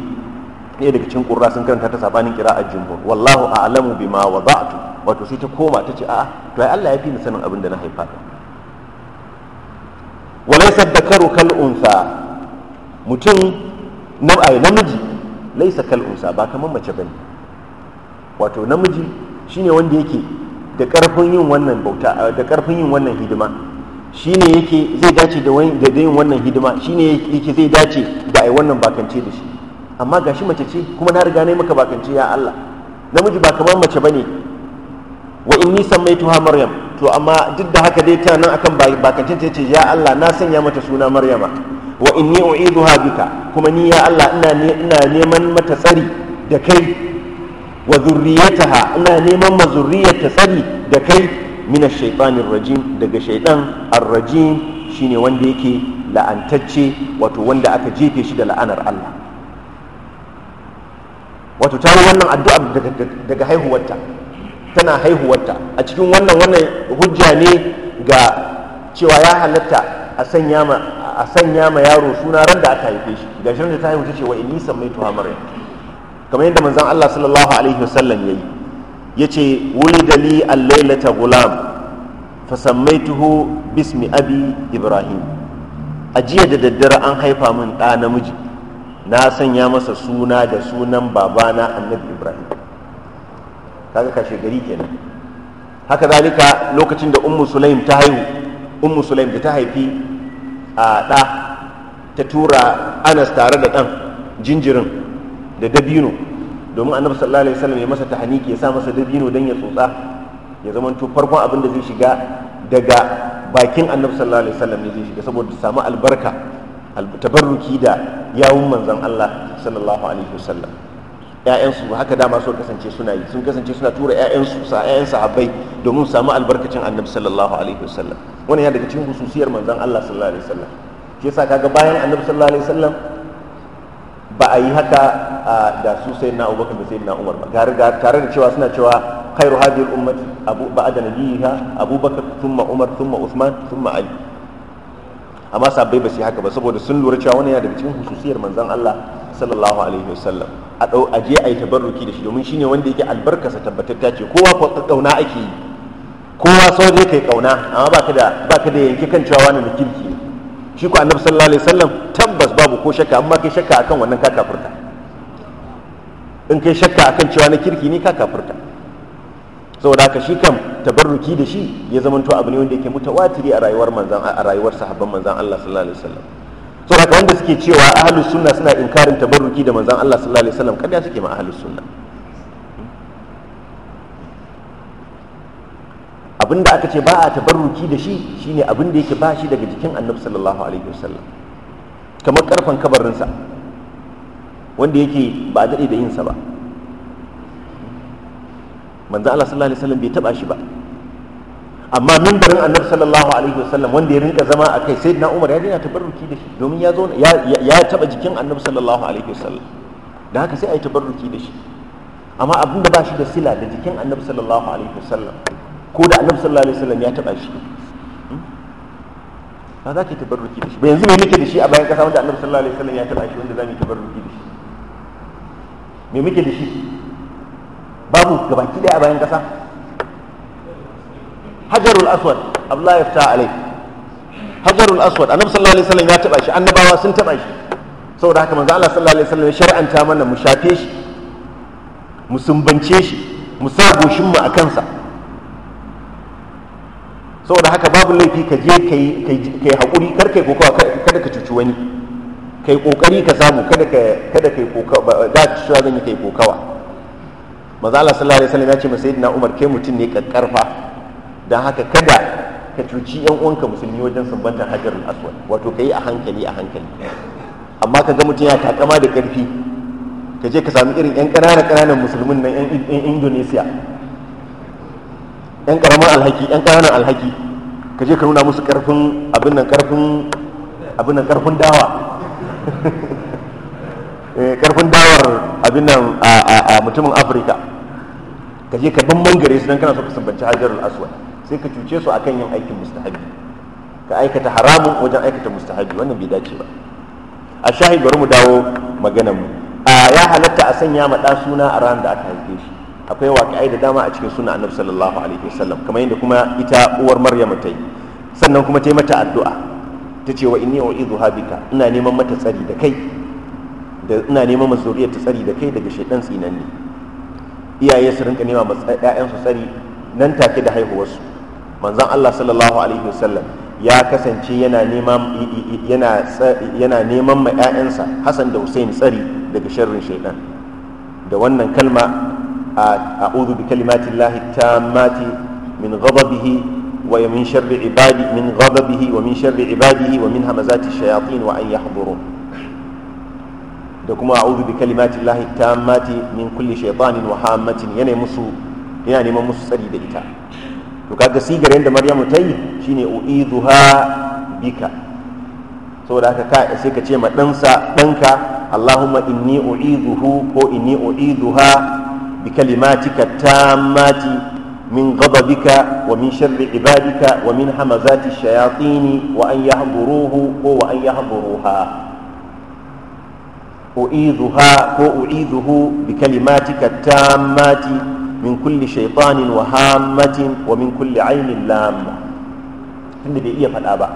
ɗaya daga cikin ƙurra sun karanta ta sabanin kira'ar jumhur wallahu a'lamu bima wa ba'd wato sai ta koma ta ce a'a to ai Allah ya fi ni sanin abin da na haifa walaysa dhakaru kal untha mutum namiji laisa kal unsa ba kaman mace bane wato namiji shine wanda yake da karfin yin wannan bauta da karfin yin wannan hidima shine yake zai dace da wani da yin wannan hidima shine yake zai dace da ai wannan bakance da shi amma gashi mace ce kuma na riga nayi maka bakance ya Allah namiji ba kaman mace bane wa inni sammaituha maryam to amma duk da haka dai ta nan akan bakance ta ce ya Allah na sanya mata suna maryama wa inni habika bika kuma ni ya Allah ina ina neman mata tsari da kai wa zurriyataha ina neman ma zurriyarta tsari da kai min ash-shaytanir rajim daga shaytan ar-rajim shine wanda yake la'antacce wato wanda aka jefe shi da la'anar Allah wato ta wannan addu'a daga haihuwarta tana haihuwarta a cikin wannan wannan hujja ne ga cewa ya halatta a sanya ma a sanya ma yaro suna ran da aka haife shi shirin da ta haihu ta ce wa inni maryam kamar yadda manzon Allah sallallahu alaihi wasallam yayi yace wulida li al gulam fa sammaituhu bismi abi ibrahim a jiya da daddare an haifa min ɗa namiji na sanya masa suna da sunan babana annabi ibrahim kaga kashe gari kenan haka zalika lokacin da ummu sulaim ta haihu ummu sulaim da ta haifi a ɗa ta tura anas tare da ɗan jinjirin da dabino domin annabi sallallahu alaihi wasallam ya masa tahaniki ya sa masa dabino dan ya tsotsa ya zama to farkon abin da zai shiga daga bakin annabi sallallahu alaihi wasallam ne zai shiga saboda samu albarka tabarruki da yawun manzon Allah sallallahu alaihi wasallam ƴaƴansu haka dama so kasance suna yi sun kasance suna tura ƴaƴansu sa ƴaƴan sahabbai domin samu albarkacin annabi sallallahu alaihi wasallam wannan yana daga cikin hususiyar manzon Allah sallallahu alaihi wasallam shi yasa kaga bayan annabi sallallahu alaihi wasallam ba a yi haka da su sai na Abubakar da sai na Umar ba gare tare da cewa suna cewa khairu hadhihi ummati abu ba'da nabiyiha Abubakar thumma Umar thumma Uthman thumma Ali amma sahabbai ba su yi haka ba saboda sun lura cewa wannan yana daga cikin hususiyar manzon Allah sallallahu alaihi wasallam a ɗau a je yi tabarruki da shi domin shine wanda yake albarkarsa ta ce kowa ko ƙauna ake yi kowa sau dai kai ƙauna amma baka da baka da yanke kan cewa wani da kirki shi ko annabi sallallahu alaihi wasallam tabbas babu ko shakka amma kai shakka akan wannan ka kafirta in kai shakka akan cewa na kirki ne ka kafirta saboda haka shi kam tabarruki da shi ya zamanto abu ne wanda yake mutawatiri a rayuwar manzan a rayuwar sahabban manzan Allah sallallahu alaihi wasallam saboda wanda suke cewa ahlus sunna suna inkarin tabarruki da manzon Allah sallallahu alaihi wasallam kada suke ma ahlus sunna abinda aka ce ba a tabarruki da shi shine abinda yake ba shi daga jikin annabi sallallahu alaihi wasallam kamar karfan kabarinsa wanda yake ba a daɗe da yinsa ba manzon Allah sallallahu alaihi wasallam bai taba shi ba amma mimbarin annabi sallallahu alaihi wasallam wanda ya rinka zama a kai sai na umar ya dina tabarruki da shi domin ya zo ya taba jikin annabi sallallahu alaihi wasallam da haka sai a yi tabarruki da shi amma abin da ba shi da sila da jikin annabi sallallahu alaihi wasallam ko da annabi sallallahu alaihi wasallam ya taba shi hmm? ba za ka yi tabarruki da shi ba yanzu mai muke da shi a bayan kasa wanda annabi sallallahu alaihi wasallam ya taba shi wanda za mu yi tabarruki da shi mai muke da shi babu gabaki daya a bayan kasa hajarul aswad Allah ya fita alai hajarul aswad annabi sallallahu alaihi wasallam ya taba shi annabawa sun taba shi saboda haka manzo Allah sallallahu alaihi wasallam ya shar'anta mana mu shafe shi mu sumbance shi mu sa goshin mu a kansa saboda haka babu laifi ka je kai kai hakuri kar kai kokawa kada ka cuci wani kai kokari ka samu kada ka kada kai kokawa da shi zan yi kai kokawa manzo Allah sallallahu alaihi wasallam ya ce ma sayyidina Umar kai mutun ne karfa. don haka kada ka cuci yan uwanka musulmi wajen sabbantar hajar aswad wato ka yi a hankali a hankali amma ka ga mutum ya takama da karfi ka je ka sami irin yan ƙananan ƙananan musulmin na yan indonesia yan ƙaramin alhaki yan ƙananan alhaki ka je ka nuna musu ƙarfin abin nan ƙarfin abin nan ƙarfin dawa eh, ƙarfin dawar abin nan a mutumin afirka ka je ka ban mangare su don kana so ka sabbanci hajarul aswad sai ka cuce su akan yin aikin mustahabi ka aikata haramun wajen aikata mustahabi wannan bai dace ba a shahi bari mu dawo magana mu a ya halatta a sanya ma ɗa suna a ran da aka haife shi akwai waƙi'ai da dama a cikin suna annabi sallallahu alaihi wasallam kamar yadda kuma ita uwar maryam ta yi sannan kuma ta yi mata addu'a ta ce wa inni u'idhu habika ina neman mata tsari da kai da ina neman mazuriya ta tsari da kai daga shaidan tsinanni iyaye su rinka nema ma su tsari nan take da haihuwarsu manzon Allah sallallahu alaihi wasallam ya kasance yana neman yana yana ma ƴaƴansa Hassan da Hussein tsari daga sharrin shaidan. da wannan kalma a'udhu bi kalimati ta mati min ghadabihi wa min sharri ibadi min ghadabihi wa min sharri ibadi wa min hamazati shayatin wa an yahdurun da kuma a'udhu bi kalimati ta mati min kulli shaytanin wa hamatin yana neman musu tsari da ita to kaga sigar yadda maryamu ta yi shine u'iduha bika saboda haka ka sai ka ce ma ɗansa ɗanka allahumma inni u'iduhu ko inni u'iduha bi kalimatika tammati min bika wa min sharri ibadika wa min hamazati ni wa an yahduruhu ko wa an yahduruha u'iduha ko u'iduhu bi kalimatika tammati min kulli shaitanin wa hammatin wa min kulli ainin lamma tunda bai iya faɗa ba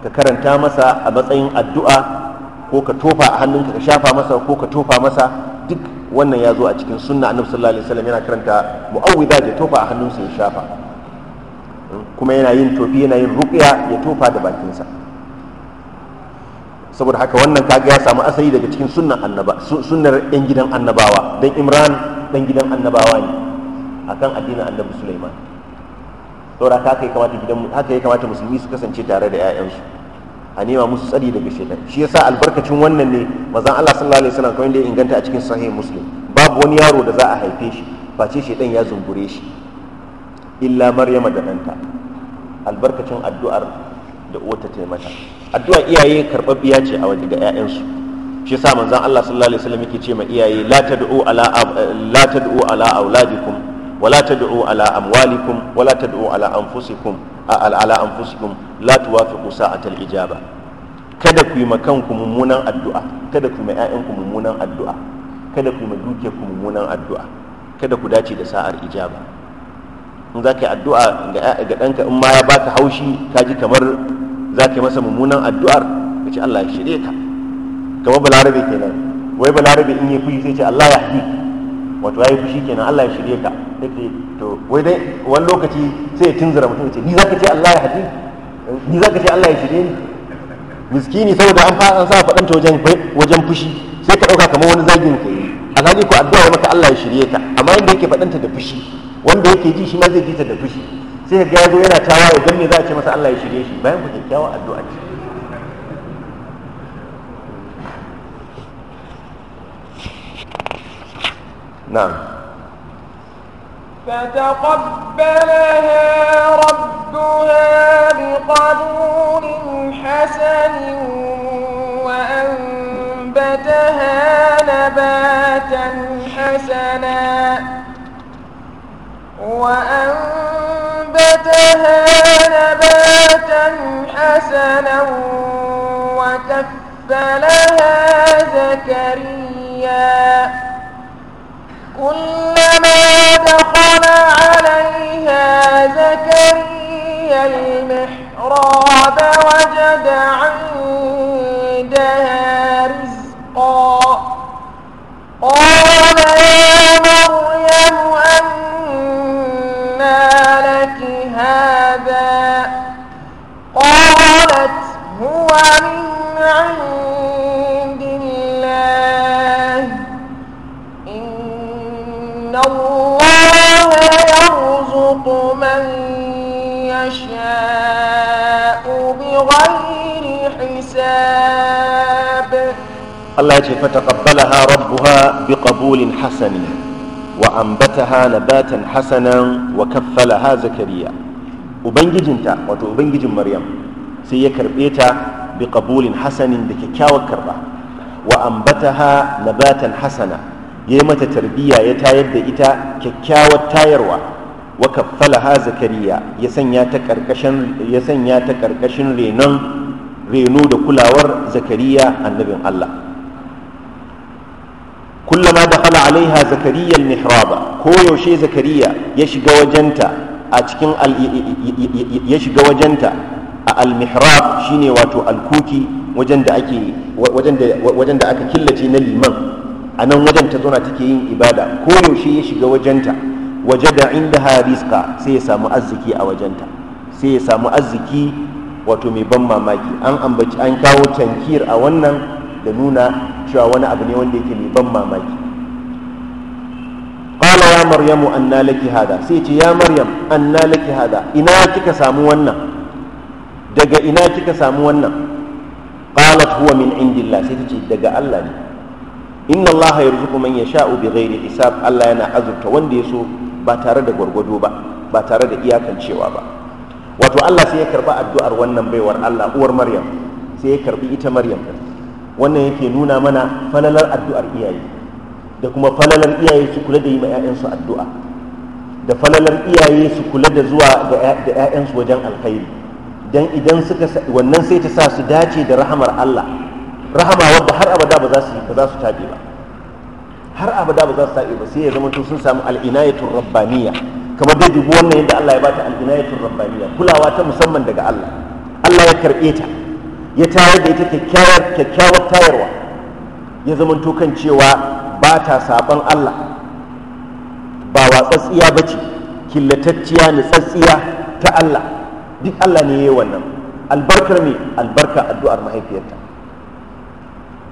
ka karanta masa a matsayin addu'a ko ka tofa a hannunka ka shafa masa ko ka tofa masa duk wannan ya zo a cikin sunna annabi sallallahu alaihi wasallam yana karanta mu'awwida ya tofa a hannunsa ya shafa kuma yana yin tofi yana yin ruqya ya tofa da bakinsa saboda haka wannan kaga ya samu asali daga cikin sunnan annaba sunnar yan gidan annabawa dan imran dan gidan annabawa ne akan addinin annabi Sulaiman saboda haka ya kamata gidan haka ya kamata musulmi su kasance tare da 'ya'yansu a nema musu tsari daga shaitan shi yasa albarkacin wannan ne mazan Allah sallallahu alaihi wasallam kawai da ya inganta a cikin sahih muslim babu wani yaro da za a haife shi face shaitan ya zungure shi illa maryama da ɗanta albarkacin addu'ar da uwata ta mata addu'a iyaye karɓaɓɓiya ce a wajen ga 'ya'yansu shi yasa manzon Allah sallallahu alaihi wasallam yake ce ma iyaye la tad'u ala la tad'u ala auladikum wala tad'u ala amwalikum wala tad'u ala anfusikum ala anfusikum la tuwafiqu sa'atal ijaba kada ku yi makanku mummunan addu'a kada ku yi ma mummunan addu'a kada ku yi ma ku mummunan addu'a kada ku dace da sa'ar ijaba in za ka yi addu'a ga ɗanka in ma ya baka haushi ka ji kamar za ka yi masa mummunan addu'ar ka ce Allah ya shirye ka kamar balarabe kenan wai balarabe in yi kuyi sai ce Allah ya haɗi wato yi fushi kenan Allah ya shirye ka take to wai dai wani lokaci sai ya tunzura mutum ce ni zaka ce Allah ya hadi ni zaka ce Allah ya shirye ni miskini saboda an fa an sa faɗan ta wajen wajen fushi sai ka dauka kamar wani zagin ka yi alhali ko addu'a maka Allah ya shirye ka amma inda yake faɗan ta da fushi wanda yake ji shi ma zai ji ta da fushi sai ga yazo yana tawaye dan me za a ce masa Allah ya shirye shi bayan ku kyakkyawa addu'a ce نعم فتقبلها ربها بقبول حسن وأنبتها نباتا حسنا وأنبتها نباتا حسنا وكفلها زكريا كلما دخل عليها زكريا المحراب Allah ya ce fataqabbalaha rabbuha biqabulin hasani wa ambataha nabatan hasanan wa kaffalaha zakariya ubangijinta wato ubangijin maryam sai ya karbe ta bi qabulin hasanin da kyakkyawar karba wa ambataha nabatan hasana yayi mata tarbiyya ya tayar da ita kyakkyawar tayarwa wa kaffalaha zakariya ya sanya ta karkashin ya sanya ta karkashin renon reno da kulawar zakariya annabin Allah alaiha zakariya mihraba ko yaushe zakariya ya shiga wajenta a cikin ya shiga wajenta a al-mihrab shine wato al-kuki wajen da ake wajen da aka killace na liman anan nan wajen ta zona take yin ibada ko yaushe ya shiga wajenta waje da inda sai ya samu arziki a wajenta sai ya samu arziki wato mai ban mamaki an ambaci an kawo tankir a wannan da nuna cewa wani abu ne wanda yake mai ban mamaki maryamu anna laki hada sai ce ya maryam anna laki hada ina kika samu wannan daga ina kika samu wannan qalat huwa min indillah sai ta ce daga Allah ne inna Allah yarzuqu man yasha'u bighairi hisab Allah yana azurta wanda yaso ba tare da gwargwado ba ba tare da iyakancewa ba wato Allah sai ya karba addu'ar wannan baiwar Allah uwar maryam sai ya karbi ita maryam wannan yake nuna mana falalar addu'ar iyaye da kuma falalar iyaye su kula da yi ma 'ya'yansu addu'a da falalar iyaye su kula da zuwa da 'ya'yansu wajen alkhairi dan idan suka wannan sai ta sa su dace da rahamar Allah rahama wadda har abada ba za su ba za su tabe ba har abada ba za su tabe ba sai ya zama to sun samu al'inayatul rabbaniya. kamar dai dubu wannan yadda Allah ya bata al'inayatul rabbaniya. kulawa ta musamman daga Allah Allah ya karbe ta ya tayar da ita kyakkyawar kyakkyawar tayarwa ya zama to kan cewa ba ta saban Allah ba watsatsiya ba ce killatacciya tsatsiya ta Allah duk Allah ne ya yi wannan albarkar ne albarka addu'ar mahaifiyarta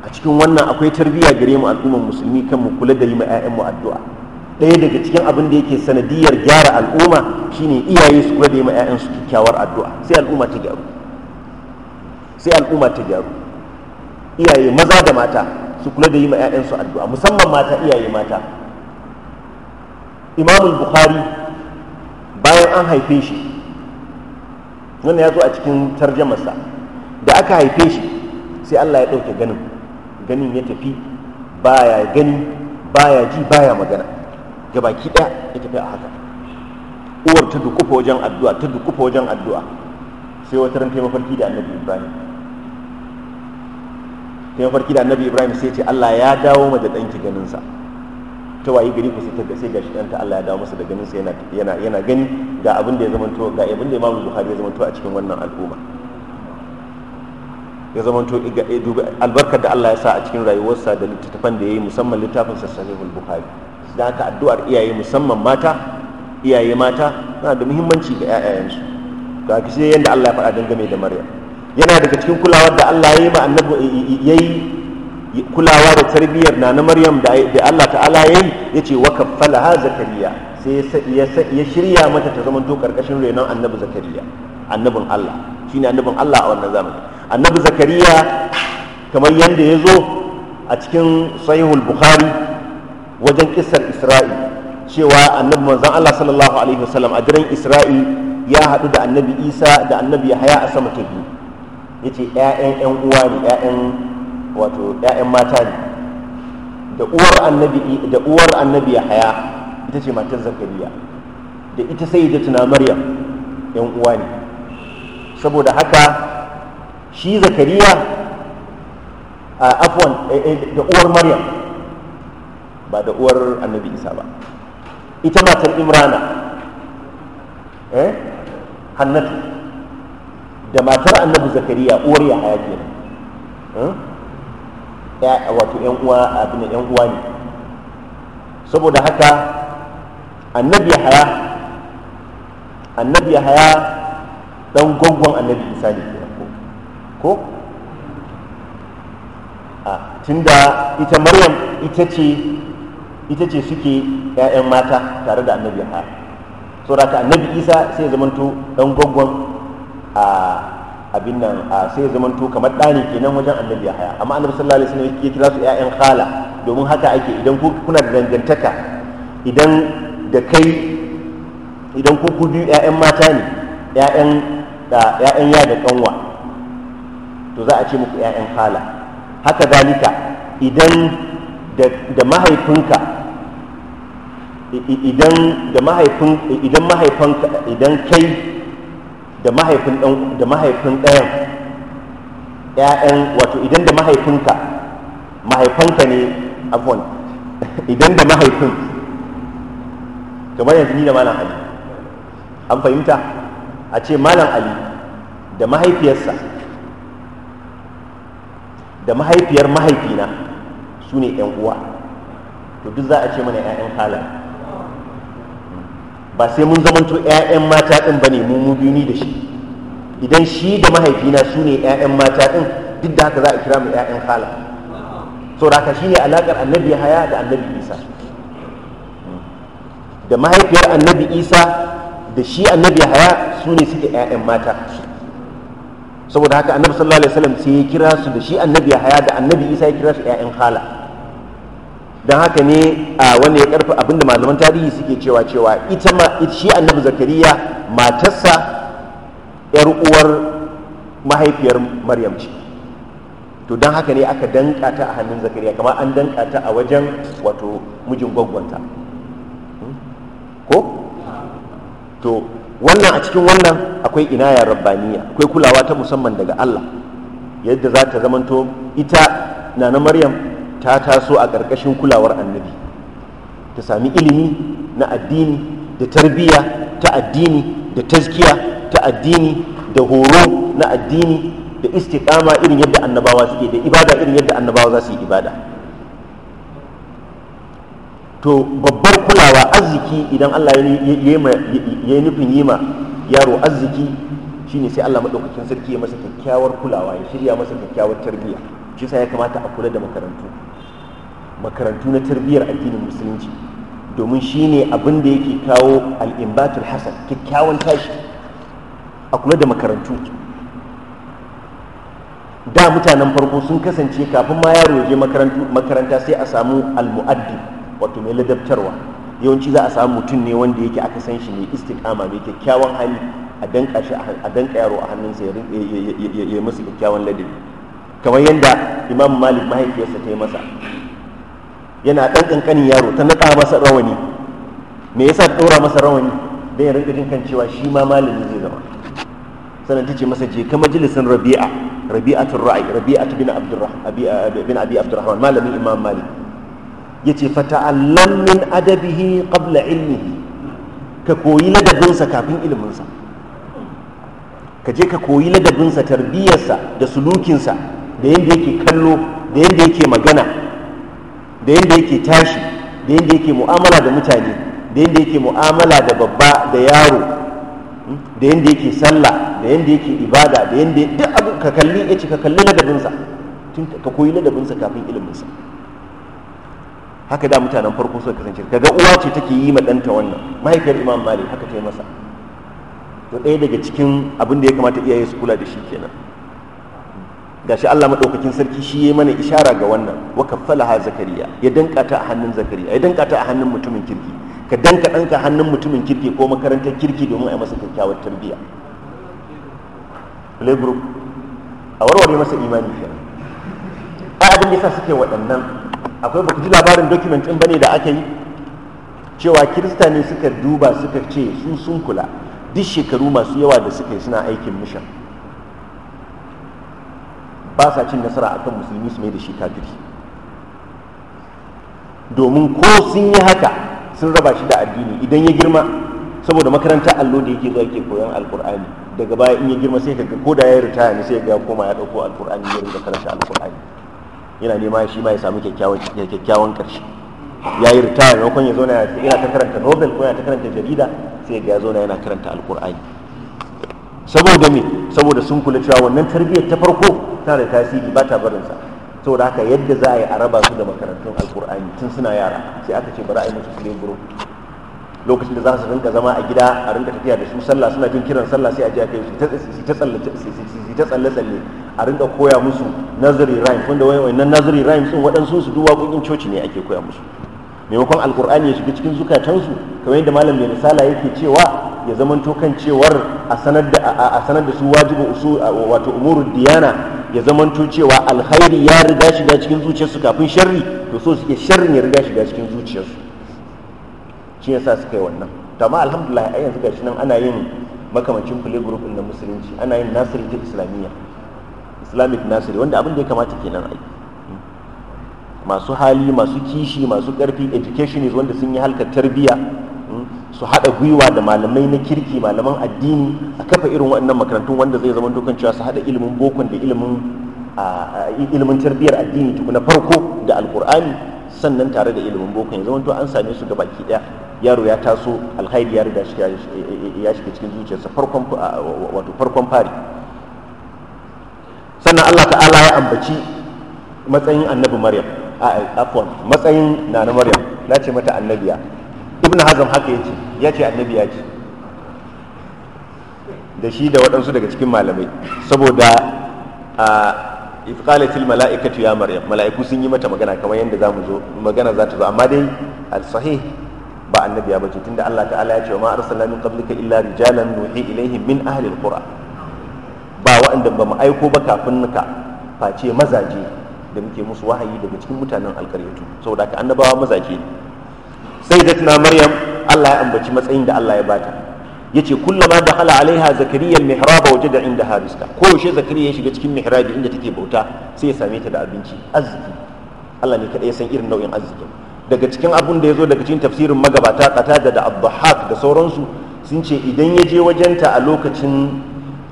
a cikin wannan akwai tarbiyya gare mu al'ummar musulmi kan mu kula da yi ma mu addu'a ɗaya daga cikin abin da yake sanadiyar gyara al'umma shine iyaye su kula da yi ma 'ya'yansu kyakkyawar addu'a sai al'umma ta gyaru iyaye maza da mata su kula da yi ma 'ya'yansu addu'a musamman mata iyaye mata imamul bukhari bayan an haife shi wannan ya zo a cikin tarjamarsa da aka haife shi sai allah ya ɗauke ganin ganin ya tafi baya gani baya ji baya magana gabaki ɗaya ya tafi a haka uwar ta dukufa wajen addu'a ta dukufa wajen addu'a sai wata ran taimafarki da annabi ibrahim ta mafarki da annabi ibrahim sai ce allah ya dawo ma da ɗanki ganinsa ta wayi gari ku sai ta sai gashi ɗanta allah ya dawo masa da ganinsa yana yana yana gani ga abin da ya zamanto ga abin da imamu bukhari ya zamanto a cikin wannan al'umma ya zamanto dubi albarkar da allah ya sa a cikin rayuwarsa da littattafan da ya yi musamman littafin sassahihul bukhari da haka addu'ar iyaye musamman mata iyaye mata na da muhimmanci ga 'ya'yayensu ga kishi yadda allah ya faɗa dangane da maryam yana daga cikin kulawar da Allah ya yi ma annabi yi kulawa da tarbiyyar na na maryam da allah ta'ala ya yi ya ce wa kaffala ha zakariya sai ya shirya mata ta zama to karkashin renon annabi zakariya annabin allah shi ne annabin allah a wannan zamani annabi zakariya kamar yadda ya zo a cikin sahihul bukhari wajen kisar isra'i cewa annabi manzon allah sallallahu alaihi wasallam a daren isra'i ya haɗu da annabi isa da annabi yahaya a sama ta biyu ce ƴaƴan ƴan uwa ne ƴaƴan wato ƴaƴan mata ne da uwar annabi da uwar annabi Yahaya ita ce matar Zakariya da ita sai da Maryam ƴan uwa ne saboda haka shi Zakariya a afwan eh, eh, da uwar Maryam ba da uwar annabi Isa ba ita matar Imrana eh Hannatu da matar annabi zakariya uwar hmm? ya haya kenan wato yan uwa abin yan uwa ne saboda haka annabi ya haya annabi ya haya dan gwangwan annabi isa ne ko a ah, tunda ita maryam ita ce ita ce suke 'ya'yan mata tare da annabi ya haya saboda haka annabi isa sai zamanto dan gwangwan a abin nan sai zaman to kamar dani kenan wajen annabi haya amma annabi sallallahu alaihi wasallam ya kira su ƴaƴan khala domin haka ake idan ku kuna da dangantaka idan da kai idan ku ku biyu ƴaƴan mata ne ƴaƴan ƴaƴan ya da kanwa to za a ce muku ƴaƴan khala haka dalika idan da mahaifinka idan da mahaifin idan mahaifinka idan kai da mahaifin da mahaifin ɗayan ƴaƴan wato idan da mahaifinka mahaifanka ne afwan idan da mahaifin kamar yanzu ni da malam ali an fahimta a ce malam ali da mahaifiyarsa da mahaifiyar mahaifina su ne uwa to duk za a ce mana 'ya'yan halaye ba sai mun zamanto 'ya'yan mata ɗin ba ne mu mu biyu ni da shi idan shi da mahaifina su ne 'ya'yan mata ɗin duk da haka za a kira mu 'ya'yan hala sauraka shi ne alaƙar annabi haya da annabi isa da mahaifiyar annabi isa da shi annabi haya su ne suke 'ya'yan mata saboda haka annabi sallallahu alaihi wasallam sai ya kira su da shi annabi haya da annabi isa ya kira su 'ya'yan hala don haka ne a wanda ya karfi abinda malaman tarihi suke cewa cewa ita ma shi annabi zakariya matarsa yar uwar mahaifiyar maryam ce to don haka ne aka danka ta a hannun zakariya kamar an danka ta a wajen wato mijin gwaggwanta hmm? ko to wannan a cikin wannan akwai inayar rabbaniya akwai kulawa ta musamman daga allah yadda za ta zamanto ita na na maryam ta taso a ƙarƙashin kulawar annabi ta sami ilimi na addini da tarbiyya ta addini da taskiya ta addini da horo na addini da istiqama irin yadda annabawa suke da ibada irin yadda annabawa za su yi ibada to babbar kulawa arziki idan Allah ya nufin yi ma yaro arziki shine sai Allah maɗaukakin sarki ya masa kyakkyawar kulawa ya shirya masa kyakkyawar tarbiyya shi ya kamata a kula da makarantu makarantu na tarbiyyar addinin musulunci domin shi ne abin da yake kawo al'imbatul hasan kyakkyawan tashi a kula da makarantu da mutanen farko sun kasance kafin ma yaro ya je makaranta sai a samu almu'addi wato mai ladabtarwa yawanci za a samu mutum ne wanda yake aka san shi mai istiqama mai kyakkyawan hali a danka shi a danka yaro a hannunsa ya masa kyakkyawan ladabi kamar yadda imam malik mahaifiyarsa ta yi masa yana ɗan ƙanƙanin yaro ta naɗa masa rawani me yasa ta ɗora masa rawani don ya rinka jinkan cewa shi ma malami zai zama sannan ta ce masa je ka majalisin rabi'a rabi'atul ra'i rabi'atu bin ah, bin abi abdurrahman malamin imam malik yace fata'allam min adabihi qabla ilmihi ka koyi ladabinsa kafin iliminsa ka je ka koyi ladabinsa tarbiyyarsa da sulukinsa da yadda yake kallo da yadda yake magana da yadda yake tashi da yadda yake mu'amala da mutane da yadda yake mu'amala da babba da yaro hmm, da yadda yake sallah da yadda yake ibada da yadda duk abu ka kalli ya ce ka kalli ladabinsa tun ka koyi ladabinsa kafin iliminsa haka da mutanen farko suka kasance kaga uwa ce take yi ma ɗanta wannan mahaifiyar imam malik haka ta yi masa to ɗaya daga cikin abin da ya kamata iyaye su kula da shi kenan shi Allah madaukakin sarki shi yayi mana ishara ga wannan wa kaffalaha zakariya ya danka ta a hannun zakariya ya danka ta a hannun mutumin kirki ka danka danka hannun mutumin kirki ko makarantar kirki domin a yi masa kyakkyawar tarbiyya play group a warware masa imani kenan ba abin da yasa suke waɗannan akwai baka labarin document din bane da aka yi cewa kirista ne suka duba suka ce su sun kula duk shekaru masu yawa da suka yi suna aikin mishan ba sa cin nasara a kan musulmi su mai da shi kafiri domin ko sun yi haka sun raba shi da addini idan ya girma saboda makaranta allo da yake zuwa yake koyon alkur'ani daga baya in ya girma sai ka ko da ya ritaya ne sai ga koma ya dauko alkur'ani ya rinka karanta alkur'ani yana nema shi ma ya samu kyakkyawan kyakkyawan karshe ya yi ritaya maimakon ya zauna yana ta karanta novel ko yana ta karanta jarida sai ga ya zauna yana karanta alkur'ani saboda me saboda sun kula cewa wannan tarbiyyar ta farko tana da tasiri ba ta to da haka yadda za a yi a raba su da makarantun alkur'ani tun suna yara sai aka ce bari a yi musu play group lokacin da za su rinka zama a gida a rinka tafiya da su sallah suna jin kiran sallah sai a ji a kai su ta tsalle tsalle a rinka koya musu nursery rhymes wanda wannan nazari rhyme din waɗansu su duk waƙoƙin coci ne ake koya musu maimakon alkur'ani ya shiga cikin zukatansu kamar yadda malam mai misala yake cewa ya zamanto kan cewar a sanar da su wajibu usu wato umurud diyana ya zamanto cewa alkhairi ya riga shiga cikin zuciyarsu kafin sharri to so suke sharrin ya riga shiga cikin zuciyarsu shi yasa suka yi wannan to amma alhamdulillah a yanzu gashi nan ana yin makamancin play group na musulunci ana yin nasiri ta islamiyya islamic nasiri wanda abin da ya kamata kenan ai masu hali masu kishi masu karfi is wanda sun yi halkar tarbiyya su haɗa gwiwa da malamai na kirki malaman addini a kafa irin waɗannan makarantun wanda zai zama dokan cewa su hada ilimin bokon da ilimin tarbiyyar addini tukuna farko da alkur'ani sannan tare da ilimin bokon ya zama an same su gabaki ɗaya yaro ya taso alhaidi ya riga ya shiga cikin zuciyarsa farkon wato fari sannan Allah ta'ala ya ambaci matsayin annabi Maryam a matsayin nana Maryam na ce mata annabiya ibn hazm haka ya ce ya ce annabi ya ce da shi da waɗansu daga cikin malamai saboda a ifqalatil mala'ikatu ya maryam mala'iku sun yi mata magana kamar yadda za zamu zo magana za ta zo amma dai al sahih ba annabi ya bace tunda Allah ta'ala ya ce ma arsalna min qablika illa rijalan nuhi ilaihim min ahli alqura ba waɗanda ba mu aiko ba kafin ka face mazaje da muke musu wahayi daga cikin mutanen alkaryatu saboda ka annabawa mazaje ne sai da tuna maryam allah ya ambaci matsayin da allah ya bata ya ce kullama da hala alaiha zakariya mihraba waje da inda harista ko yaushe zakariya ya shiga cikin mihrabi inda take bauta sai ya same ta da abinci arziki allah ne kaɗai ya san irin nau'in arzikin daga cikin abun da ya zo daga cikin tafsirin magabata qatada da abdahak da sauransu sun ce idan ya je wajenta a lokacin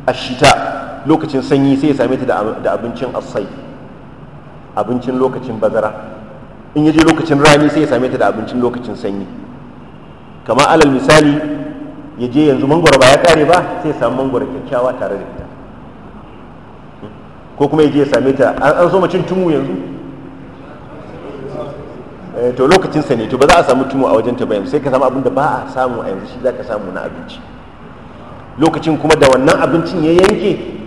ashita lokacin sanyi sai ya same ta da abincin asai abincin lokacin bazara in ya je lokacin rani sai ya same ta da abincin lokacin sanyi kamar alal misali ya je yanzu mangoro ba ya kare ba sai ya samu mangoro kyakkyawa tare da ita ko kuma ya je ya same ta an so cin tumu yanzu eh, to lokacin sa ne to ba za a samu tumu a wajen ta ba sai ka samu abin da ba a samu a yanzu shi za ka samu na abinci lokacin kuma da wannan abincin ya yanke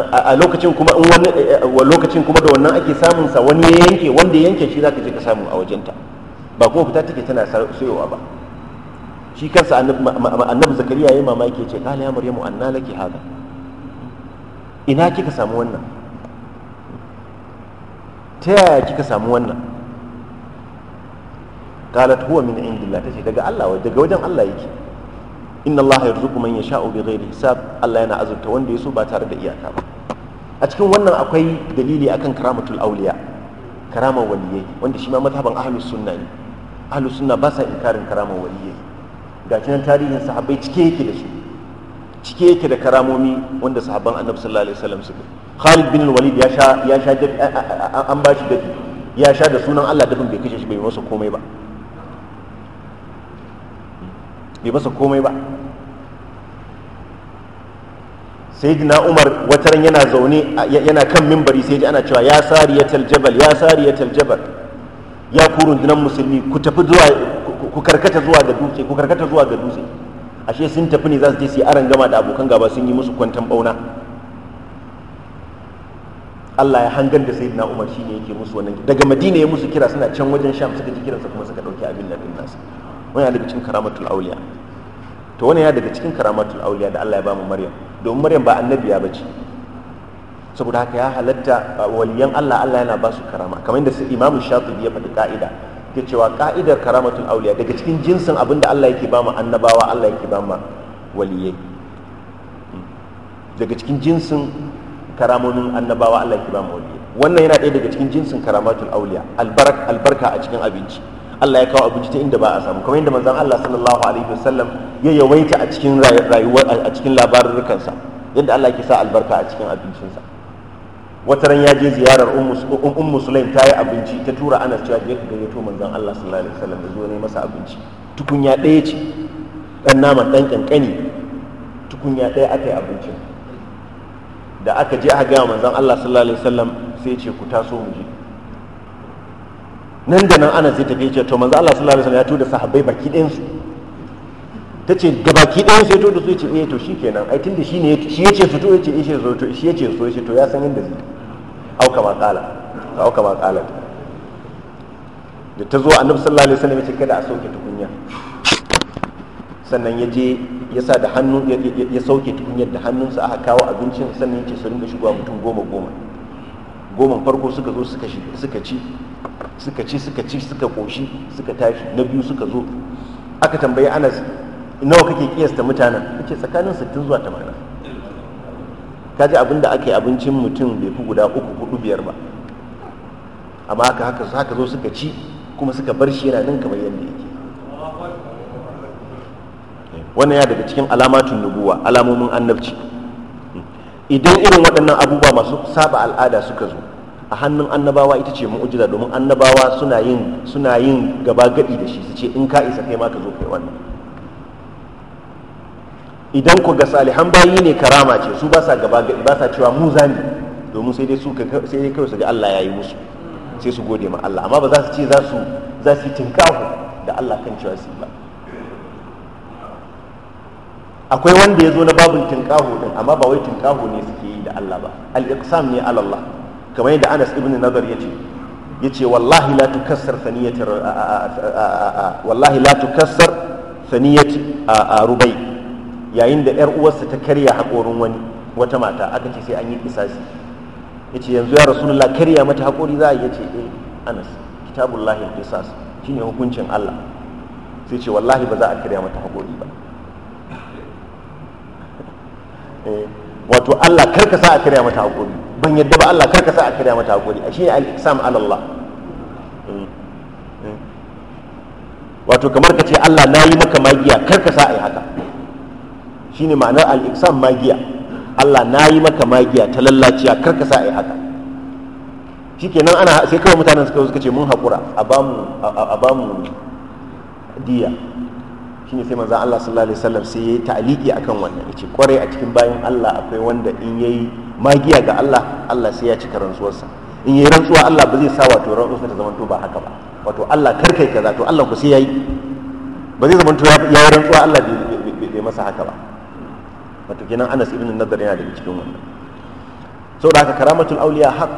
a lokacin kuma in wani eh, eh, lokacin kuma da wannan ake samun sa wani ya yanke wanda ya yanke shi zaka je ka samu a wajenta ba kuma fita take tana sayowa ba shi kansa annabi zakariya yayi mamaki ce kala ya maryamu anna laki hada ina kika samu wannan ta yaya kika samu wannan qalat huwa min indillah tace daga Allah daga wajen Allah yake inna allaha yarzuqu man yasha'u bighairi hisab Allah yana azurta wanda yaso ba tare da iyaka ba a cikin wannan akwai dalili akan karamatul awliya karamar waliyai wanda shi ma mazhaban ahlus sunna ne ahlus sunna ba sa inkarin karamar waliyai ga nan tarihin sahabbai cike yake da su cike yake da karamomi wanda sahabban annabi sallallahu alaihi wasallam suka Khalid bin Walid ya sha ya sha an ba shi dafi ya sha da sunan Allah dafin bai kashe shi bai masa komai ba bai masa komai ba sayyidina umar wataran yana zaune yana kan mimbari sai ji ana cewa ya sariyatal jabal ya sariyatal jabal ya ku rundunar musulmi ku tafi zuwa ku karkata zuwa ga dutse ku karkata zuwa ga dutse ashe sun tafi ne za su je su yi aran gama da abokan gaba sun yi musu kwantan bauna Allah ya hangar da sayyidina Umar shine yake musu wannan daga Madina ya musu kira suna can wajen Sham suka ji kiransa kuma suka dauki abin nan din nasu wannan daga cikin karamatul auliya to wannan ya daga cikin karamatul auliya da Allah ya ba mu Maryam domin maryam ba annabiya ba ce saboda haka ya halatta waliyan Allah Allah yana ba su karama kamar yadda imamu shafi ya faɗi ka'ida ke cewa ka'idar karamatul auliya daga cikin jinsin abin da Allah yake ba mu annabawa Allah yake ba mu waliyai daga cikin jinsin karamomin annabawa Allah yake ba mu waliyai wannan yana ɗaya daga cikin jinsin karamatul auliya albarka a cikin abinci Allah ya kawo abinci ta inda ba a samu kamar yadda manzon Allah sallallahu alaihi wasallam ya yawaita a cikin rayuwar a cikin labarurkansa yadda Allah ke sa albarka a cikin abincinsa wata ran ya je ziyarar ummu umm, umm sulaim ta yi abinci ta tura ana cewa je ka gayyato manzon Allah sallallahu alaihi wasallam da zo ne masa abinci tukunya ɗaya ce dan nama dan kankani tukunya ɗaya aka yi abincin da aka je aka ga manzon Allah sallallahu alaihi wasallam sai ya ce ku taso mu je nan da nan ana sai tafi ce to manzo Allah sallallahu alaihi wasallam ya tura sahabbai baki ɗayan su ta ce ga baki ɗayan sai ya da su ya ce eh to shikenan ai tunda shi ne shi yace su to yace ya eh, so to shi yace so shi to ya san inda zai au kama kala au kama kala da ta zo annabi sallallahu alaihi wasallam ya ce kada a sauke tukunya sannan ya je ya sa da hannu ya sauke tukunyar da hannunsa aka kawo abincin sannan ya ce su rinka shigowa mutum goma goma goma farko suka zo suka ci suka ci suka ci suka koshi suka tashi na biyu suka zo aka tambayi anas nawa kake kiyasta mutanen yace tsakanin 60 zuwa 80 kaji abinda ake abincin mutum bai fi guda uku hudu biyar ba amma haka su haka zo suka ci kuma suka bar shi yana nan kamar yadda yake wannan ya daga cikin alamatun nubuwa alamomin annabci idan irin waɗannan abubuwa masu saba al'ada suka zo a hannun annabawa ita ce mu'ujira domin annabawa suna yin suna yin gaba gadi da shi su ce in ka isa kai ma ka zo kai wannan idan ku ga salihan bayi ne karama ce su ba sa gaba gadi ba sa cewa mu zani domin sai dai su sai dai kawai su ga Allah yayi musu sai su gode ma Allah amma ba za su ce za su za su tinkahu da Allah kan cewa su ba akwai wanda ya zo na babin tinkahu din amma ba wai tinkahu ne suke yi da Allah ba al-iqsam ne ala Allah kamar yadda anas ibn nadar ya ce ya ce wallahi la tukassar saniyatar wallahi la tukassar saniyat a rubai yayin da yar uwarsa ta karya haƙorin wani wata mata aka ce sai an yi kisasi ya ce yanzu ya rasulullah karya mata haƙori za a iya ce eh anas kitabullahi al-qisas shine hukuncin allah sai ce wallahi ba za a karya mata haƙori ba eh, wato allah karka sa a karya mata haƙori ban yadda ba Allah karka sa a karya mata hakuri a shi ne al iksam ala Allah hmm. Hmm. wato kamar ka ce Allah na yi maka magiya karka sa a yi haka ne ma'anar al iksam magiya Allah na yi maka magiya ta lallaciya karka sa a yi haka shikenan ana sai kawai mutanen suka suka ce mun haƙura a bamu a bamu Shi ne sai manzon Allah sallallahu alaihi wasallam sai yi ta'aliki akan wannan ce kwarai a cikin bayan Allah akwai wanda in yayi magiya ga Allah Allah sai ya cika rantsuwarsa in yi rantsuwa Allah ba zai sa wato rantsuwarsa ta zamanto ba haka ba wato Allah karkai kaza to Allah ku sai yayi ba zai zamanto ya yi rantsuwa Allah bai masa haka ba wato kenan Anas ibn Nadar yana daga cikin wannan saboda haka karamatul auliya haq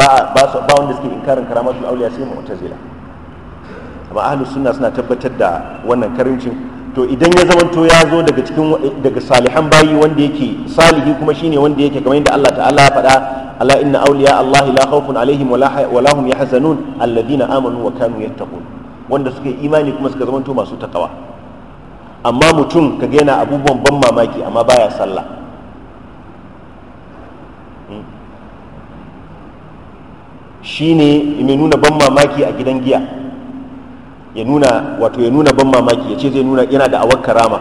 ba ba ba wanda suke inkarin karamatul auliya sai mu'tazila amma ahlus sunna suna tabbatar da wannan karimcin to idan ya zamanto ya zo daga cikin daga salihan bayi wanda yake salihi kuma shine wanda yake kamar yadda Allah ta'ala ya faɗa ala inna awliya Allah la khawfun alaihim wala hum yahzanun alladhina amanu wa kanu yattaqun wanda suka yi imani kuma suka zamanto masu takawa amma mutum kaga yana abubuwan ban mamaki amma baya sallah hmm? shine mai nuna ban mamaki a gidan giya ya nuna wato ya nuna ban mamaki ya ce zai nuna yana da awar karama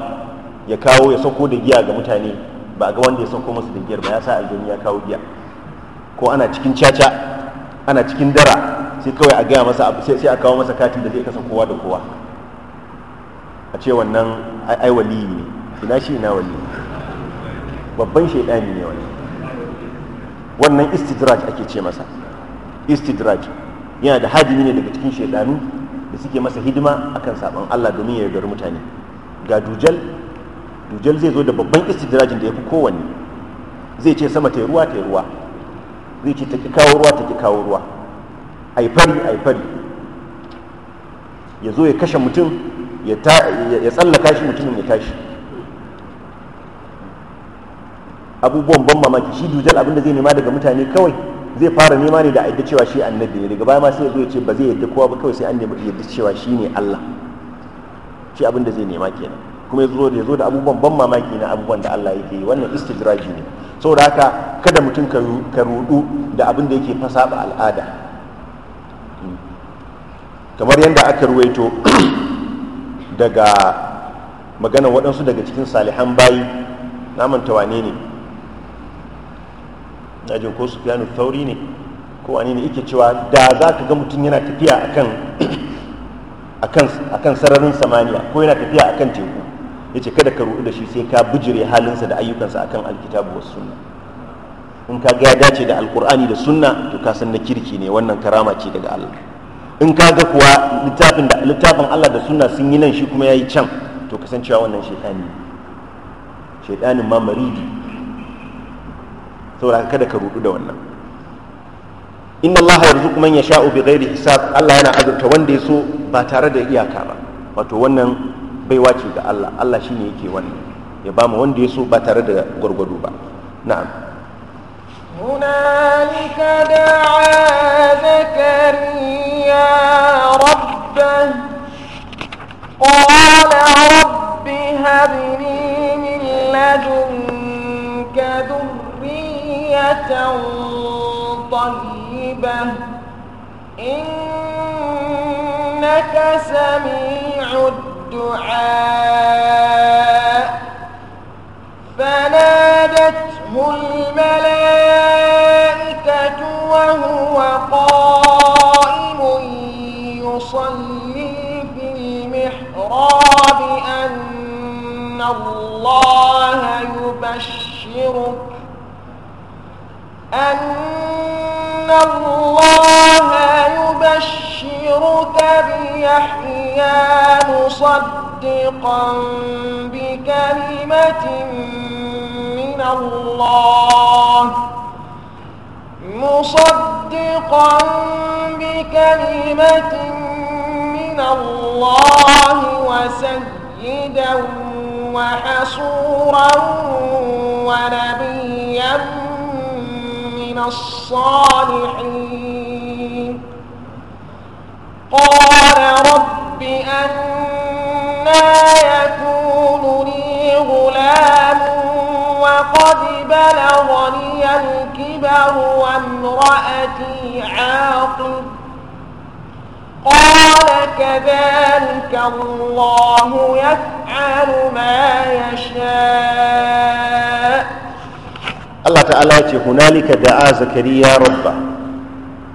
ya kawo ya sauko da giya ga mutane ba ga wanda ya sauko masa da giyar ba ya sa aljani ya kawo giya ko ana cikin caca ana cikin dara sai kawai a gaya masa abu, sai a kawo masa katin da zai kasa kowa da kowa a ce wannan ai waliyi ne ina shi ina waliyi babban shaidani ne wani wannan istidraj ake ce masa istidraj yana da hadimi ne daga cikin shaidanu da suke masa hidima akan saban Allah domin ya yaudar mutane ga dujal dujal zai zo da babban istidrajin da ya fi kowanne zai ce sama ta ruwa ta ruwa zai ce ta ki kawo ruwa ta ki kawo ruwa ai fari ai fari ya zo ya kashe mutum ya tsallaka shi mutumin ya tashi abubuwan ban mamaki shi dujal abinda zai nema daga mutane kawai zai fara nema ne da a cewa shi annabi ne daga baya ma sai ya ce ba zai yadda kowa ba kawai sai an nemi yadda cewa shi ne Allah shi abin zai nema kenan kuma ya zo da ya zo da abubuwan ban mamaki na abubuwan da Allah yake yi wannan istidraji ne saboda haka kada mutum ka rudu da abin da yake fasa ba al'ada kamar yadda aka ruwaito daga maganar waɗansu daga cikin salihan bayi naman tawane ne na ko sufyanu tauri ne ko wani ne yake cewa da za ka ga mutum yana tafiya akan akan sararin samaniya ko yana tafiya akan teku yace kada ka ruɗu da shi sai ka bujire halinsa da ayyukansa akan alkitabu wasu sunna in ka ga dace da alkur'ani da sunna to ka san na kirki ne wannan karama ce daga allah in ka ga kuwa littafin allah da suna sun yi nan shi kuma ya yi can to kasancewa wannan shaitani ne ma maridi saboda kada ka rudu da wannan inna allaha yarzuqu man yasha'u bighairi hisab Allah yana azurta wanda ya so ba tare da iyaka ba wato wannan bai ce ga Allah Allah shine yake wannan ya ba mu wanda ya so ba tare da gurgudu ba na'am هنالك دعا زكريا ربه قال رب هب لي من لدنك طيبة إنك سميع الدعاء فنادته الملائكة وهو قائم يصلي في المحراب أن الله يبشرك أن الله يبشرك بيحيى مصدقا بكلمة من الله مصدقا بكلمة من الله وسيدا وحصورا ونبيا من الصالحين قال رب أنا يكون لي غلام وقد بلغني الكبر وامرأتي عاقر قال كذلك الله يفعل ما يشاء Allah ta'ala ya ce hunalika da'a zakariya rabba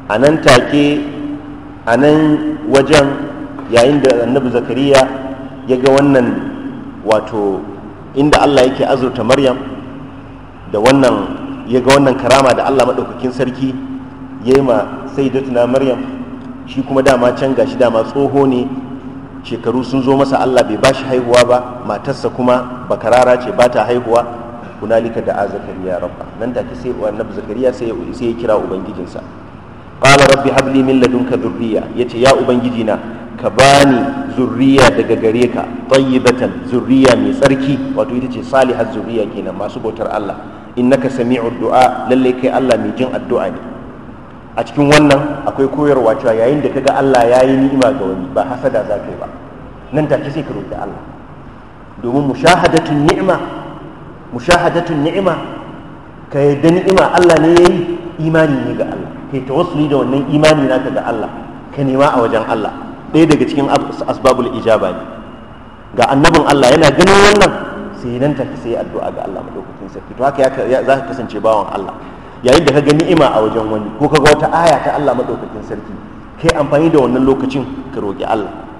a nan take a nan wajen yayin da annabi zakariya ya ga wannan wato inda Allah yake azurta maryam da wannan ya ga wannan karama da Allah maɗaukakin sarki ya yi ma sai datuna maryam shi kuma dama can gashi dama tsoho ne shekaru sun zo masa Allah bai bashi haihuwa ba matarsa kuma bakarara ce ba ta haihuwa hunalika da'a ya rabba nan da ke sai annabi zakariya sai ya sai ya kira ubangijinsa qala rabbi habli min ladunka dhurriya yace ya ubangiji na ka bani zurriya daga gare ka tayyibatan zurriya mai tsarki wato ita ce salihar zurriya kenan masu bautar Allah innaka sami'ud du'a lalle kai Allah mai jin addu'a ne a cikin wannan akwai koyarwa cewa yayin da kaga Allah ya yi ni'ima ga wani ba hasada zakai ba nan take sai ka roƙi Allah domin mushahadatun ni'ima mushahadatun ni'ima ka yadda ni'ima Allah ne yayi imani ne ga Allah kai tawassuli da wannan imani naka ga Allah ka nema a wajen Allah ɗaya daga cikin asbabul ijaba ne ga annabin Allah yana ganin wannan sai nan take sai addu'a ga Allah madaukakin sarki to haka za ka kasance bawan Allah yayin da ka ga ni'ima a wajen wani ko ka ga wata aya ta Allah madaukakin sarki kai amfani da wannan lokacin ka roƙi Allah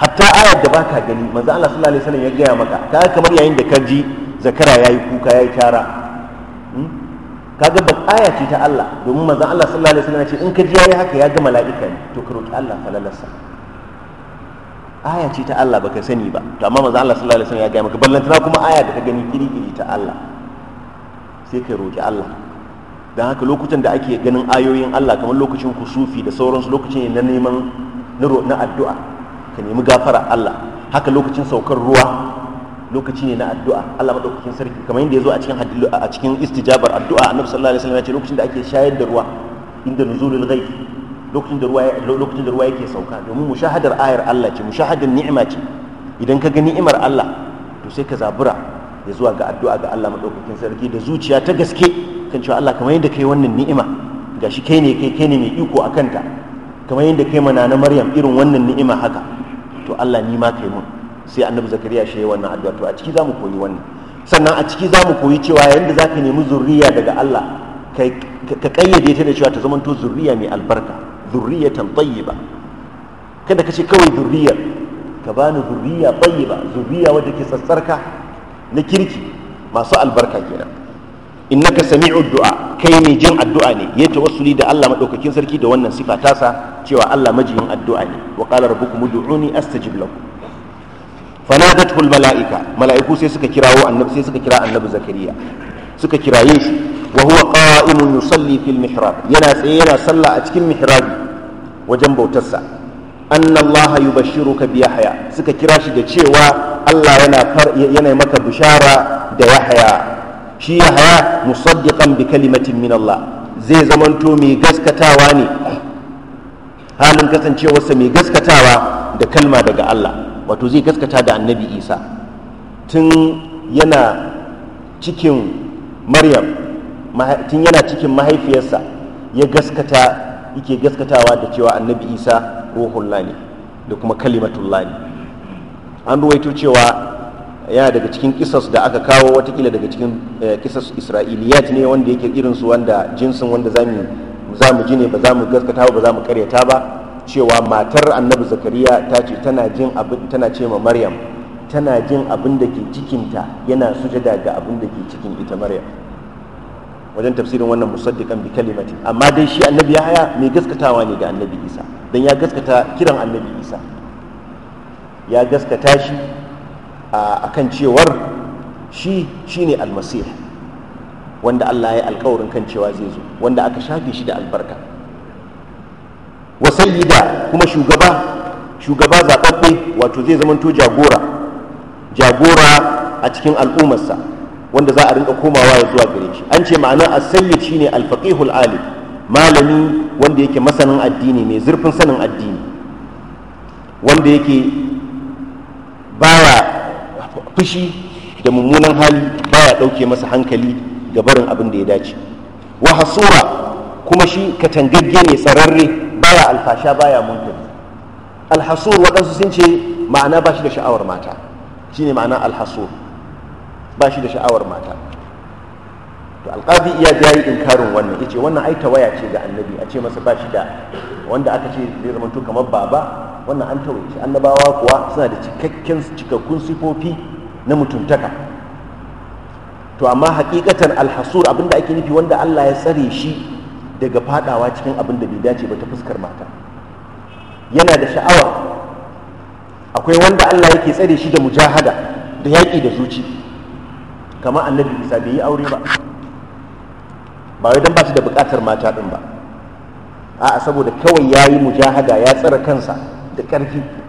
hatta ayar da baka gani manzo Allah sallallahu alaihi wasallam ya gaya maka ka kamar yayin da ka ji zakara yayi kuka yayi kyara hmm? kaga ba aya ce ta Allah domin manzo Allah sallallahu alaihi wasallam ya ce in ka ji yayi haka ya ga mala'ika ne to ka roki Allah falalasa aya ce ta Allah baka sani ba to amma manzo Allah sallallahu alaihi wasallam ya gaya maka ballantana kuma aya da ka gani kiri-kiri ta Allah sai ka roki Allah don haka lokutan da ake ganin ayoyin Allah kamar lokacin kusufi da sauransu lokacin na neman na addu'a ka nemi gafara Allah haka lokacin saukar ruwa lokaci ne na addu'a Allah madaukakin sarki kamar yadda ya zo a cikin a cikin istijabar addu'a annabi sallallahu alaihi wasallam ya ce lokacin da ake shayar da ruwa inda nuzulul ghaib lokacin da ruwa lokacin da ruwa yake sauka domin mushahadar ayar Allah ce mushahadar ni'ima ce idan ka ga ni'imar Allah to sai ka zabura ya zuwa ga addu'a ga Allah madaukakin sarki da zuciya ta gaske kan cewa Allah kamar yadda kai wannan ni'ima gashi kai ne kai kai ne mai iko akan ta kamar yadda kai mana na Maryam irin wannan ni'ima haka to Allah ni ma kai mun sai annabi zakariya shi wannan addu'a to a ciki zamu koyi wannan sannan a ciki zamu koyi cewa yanda zaka nemi zurriya daga Allah kai ka kayyade ta da cewa ta zamanto zurriya mai albarka zurriyatan tayyiba kada ka ce kawai zurriyar ka bani zurriya tayyiba zurriya wadda ke sassarka na kirki masu albarka kenan innaka sami'u du'a kai mai jin addu'a ne ya tawassuli da Allah madaukakin sarki da wannan sifa tasa cewa Allah majiyin addu'a ne wa qala rabbukum ud'uni astajib lakum fanadatul mala'ika mala'iku sai suka kirawo annabi sai suka kira annabi zakariya suka kiraye shi wa huwa qa'imun yusalli fil mihrab yana tsaye yana sallah a cikin mihrabi wajen bautarsa annallaha yubashshiruka bi yahya suka kira shi da cewa Allah yana yana maka bishara da yahya shi ya haya musaddiqan bi kalimatin min Allah zai zamanto mai gaskatawa ne halin kasancewarsa mai gaskatawa da kalma daga Allah wato zai gaskata da annabi Isa tun yana cikin Maryam tun yana cikin mahaifiyarsa ya gaskata yake gaskatawa da cewa annabi Isa ruhullah ne da kuma kalimatullah ne an ruwaito cewa yana daga cikin kisas da aka kawo watakila daga cikin eh, kisas isra'iliyat ne wanda yake irin su wanda jinsin wanda za mu ji ne ba za mu gaskata ba za mu karyata ba cewa matar annabi zakariya ta ce tana jin abin tana ce ma maryam tana jin abin da ke cikinta yana sujada ga abin da ke cikin ita maryam wajen tafsirin wannan musaddiqan bi kalimati amma dai shi annabi yahaya mai gaskatawa ne ga annabi isa dan ya gaskata kiran annabi isa ya gaskata shi a kan cewar shi shine almasih wanda Allah ya alkawarin kan cewa zai zo wanda aka shafe shi da albarka yi da kuma shugaba shugaba zaɓaɓɓe wato zai zamanto jagora jagora a cikin al'ummarsa wanda za a rinka komawa ya zuwa gare shi an ce ma'ana a sayyid shine ne faqihul alim malami wanda yake masanin addini mai zurfin sanin addini wanda yake baya fushi da mummunan hali baya dauke masa hankali ga barin abin da ya dace wa hasura kuma shi katangagge ne tsararre baya alfasha baya munkari alhasur waɗansu sun ce ma'ana ba shi da sha'awar mata shine ma'ana alhasur ba shi da sha'awar mata to alqadi iya ja yi inkarin wannan yace wannan ai tawaya ce ga annabi a ce masa ba shi da wanda aka ce zai to kamar baba wannan an tawaye shi annabawa kuwa suna da cikakken cikakkun sifofi na mutuntaka to amma hakikatan alhasur abinda ake nufi wanda Allah ya tsare shi daga fadawa cikin abin da bai dace ba ta fuskar mata yana da sha'awa akwai wanda Allah yake tsare shi da mujahada da yaƙi da zuci kamar annabi isa bai yi aure ba ba wai don ba su da buƙatar mata ɗin ba a'a saboda kawai ya yi mujahada ya tsara kansa da ƙarfi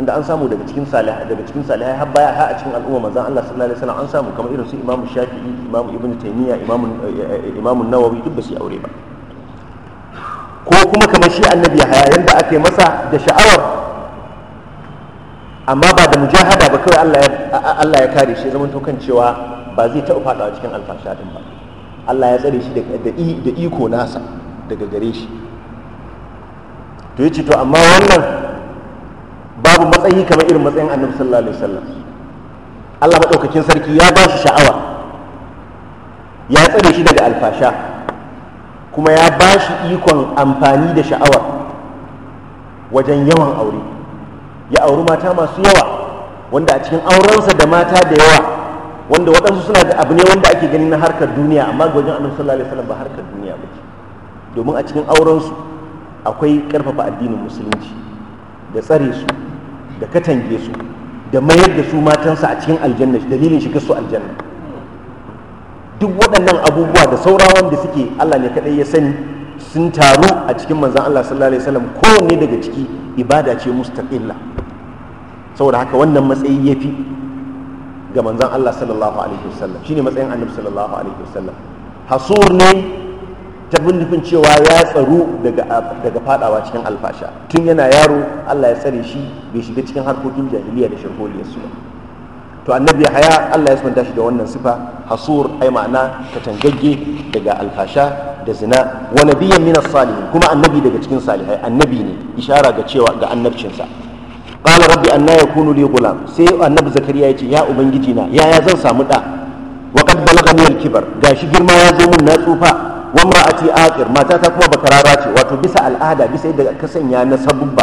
inda an samu daga cikin salih daga cikin salihai har baya har a cikin al'umma manzon Allah sallallahu alaihi wasallam an samu kamar irin su Imam Shafi'i Imam Ibn Taymiyyah Imam Imam Nawawi duk ba su aure ba ko kuma kamar shi annabi Yahaya yanda ake masa da sha'awar amma ba da mujahada ba kawai Allah ya Allah ya kare shi zaman kan cewa ba zai taɓa fadawa cikin alfasha ba Allah ya tsare shi da iko nasa daga gare shi to yace to amma wannan matsayi kamar irin matsayin annabi sallallahu alaihi wasallam Allah maɗaukakin sarki ya ba shi sha'awa ya tsare shi daga alfasha kuma ya ba shi ikon amfani da sha'awa wajen yawan aure ya auri mata masu yawa wanda a cikin aurensa da mata da yawa wanda waɗansu suna da abu ne wanda ake gani na harkar duniya amma gwajin annabi sallallahu alaihi wasallam ba harkar duniya ba ce domin a cikin aurensu akwai ƙarfafa addinin musulunci da tsare su da katange su da mayar da su matansa a cikin aljanna dalilin shiga su aljanna duk waɗannan abubuwa da saura wanda suke Allah ne kaɗai ya sani sun taru a cikin manzan Allah sallallahu alaihi wasallam kowanne daga ciki ibada ce mustaqilla saboda haka wannan matsayi ya fi ga manzan Allah sallallahu alaihi wasallam shine matsayin annabi sallallahu alaihi wasallam hasur ne ta nufin cewa ya tsaro daga fadawa cikin alfasha tun yana yaro Allah ya tsare shi bai shiga cikin harkokin jahiliya da shirkoliyar su to annabi haya Allah ya sumanta shi da wannan sifa hasur ai ma'ana katangagge daga alfasha da zina wa nabiyyan min salihin kuma annabi daga cikin salihai annabi ne ishara ga cewa ga annabcinsa qala rabbi anna yakunu li gulam sai annabi zakariya ya ce ya ubangiji na yaya zan samu ɗa? wa qad balagani al Ga shi girma ya zo mun na tsufa wa akir mata matata kuma bakarara ce wato bisa al'ada bisa yadda ka sanya na sabubba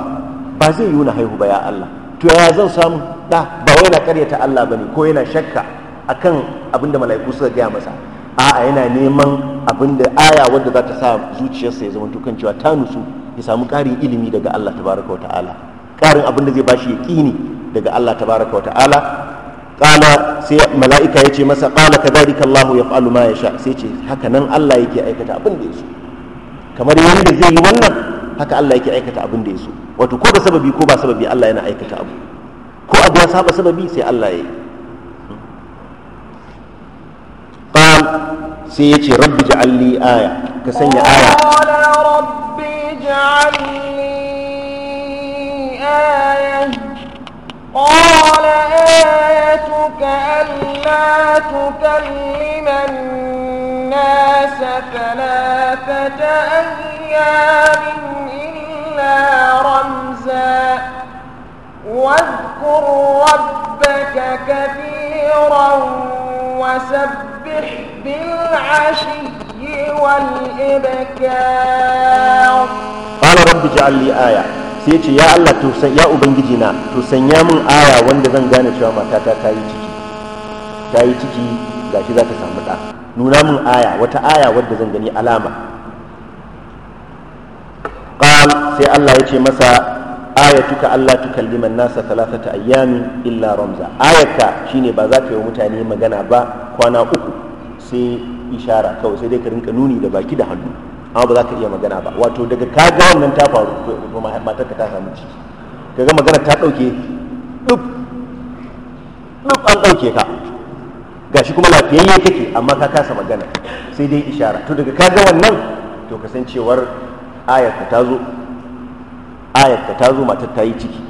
ba zai yi na haihu ba ya Allah to yaya zan samu da ba wai na karyata Allah bane ko yana shakka akan abin da mala'iku suka gaya masa a'a yana neman abin da aya wadda za ta sa zuciyarsa ya zama tukan cewa ta nusu ya samu karin ilimi daga Allah tabaraka wa ta'ala ƙarin abin da zai bashi yaqini daga Allah tabaraka wa ta'ala kala sai mala'ika ya ce masa kala ka dalika Allahu ya fa'alu ma ya sha sai ce haka nan Allah yake aikata abin da ya so kamar yadda zai yi wannan haka Allah yake aikata abin da ya so wato ko ba sababi ko ba sababi Allah yana aikata abu ko abu ya saba sababi sai Allah ya yi qal sai ya ce rabbi ja'alli aya ka sanya aya rabbi ja'alli aya qala أَلَّا تُكَلِّمَ النَّاسَ ثَلَاثَةَ أَيَّامٍ إِلَّا رَمْزًا وَاذْكُر رَّبَّكَ كَثِيرًا وَسَبِّحْ بِالْعَشِيِّ وَالْإِبْكَارِ قال رب اجعل لي آية سيتي يا الله تسن يا أبنجينا تسن يا من آية aya wanda zan gane cewa ta yi ciki gashi za ta samu ɗa nuna min aya wata aya wadda zan gani alama ƙal sai Allah ya ce masa ayatuka Allah liman nasa ta ayyamin illa ramza ayaka shine ba za ka yi mutane magana ba kwana uku sai ishara kawai sai dai ka rinka nuni da baki da hannu amma ba za ka iya magana ba wato daga ka ga wannan ta faru matarka ta samu ciki kaga magana ta ɗauke duk duk an ɗauke ka gashi kuma lafiyayye kake amma ka kasa magana sai dai ishara to daga kaga wannan to kasancewar ayarka ta zo ayarka ta zo matar ta yi ciki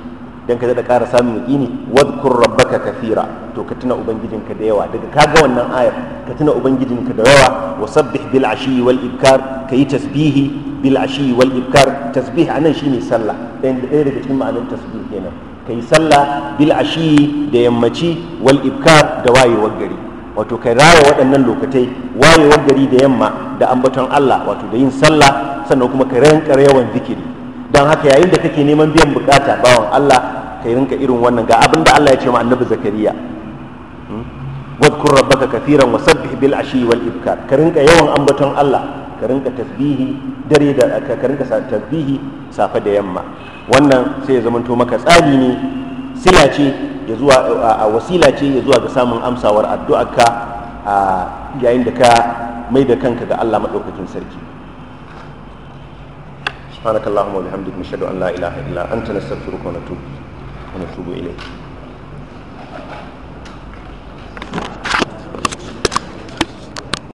dan ka da ƙara samun yaƙini wadkur rabbaka kafira to ka tuna ubangijinka da yawa daga kaga wannan ayar ka tuna ubangijinka da yawa wa sabbih bil ashi wal ibkar ka yi tasbihi bil ashi wal ibkar tasbih anan shine sallah dan ɗaya daga cikin ma'anar tasbih kenan kayi sallah bil ashi da yammaci wal ibkar da wayewar gari wato kai raya waɗannan lokatai wayewar gari da yamma da ambaton Allah wato da yin sallah sannan kuma ka rinka yawan zikiri don haka yayin da kake neman biyan bukata bawan Allah kai rinka irin wannan ga abin da Allah ya ce ma annabi zakariya hmm? wadkur rabbaka kafiran wasabbih bil ashi wal ibkar ka rinka yawan ambaton Allah ka rinka tasbihi dare da ka rinka tasbihi safe da yamma wannan sai ya zamanto maka tsari ne sila ce ya zuwa a wasila ce ya zuwa ga samun amsawar addu'arka a yayin da ka mai da kanka ga Allah madaukakin sarki subhanakallahumma wa bihamdika nashhadu an la ilaha illa anta nastaghfiruka wa natubu ilayk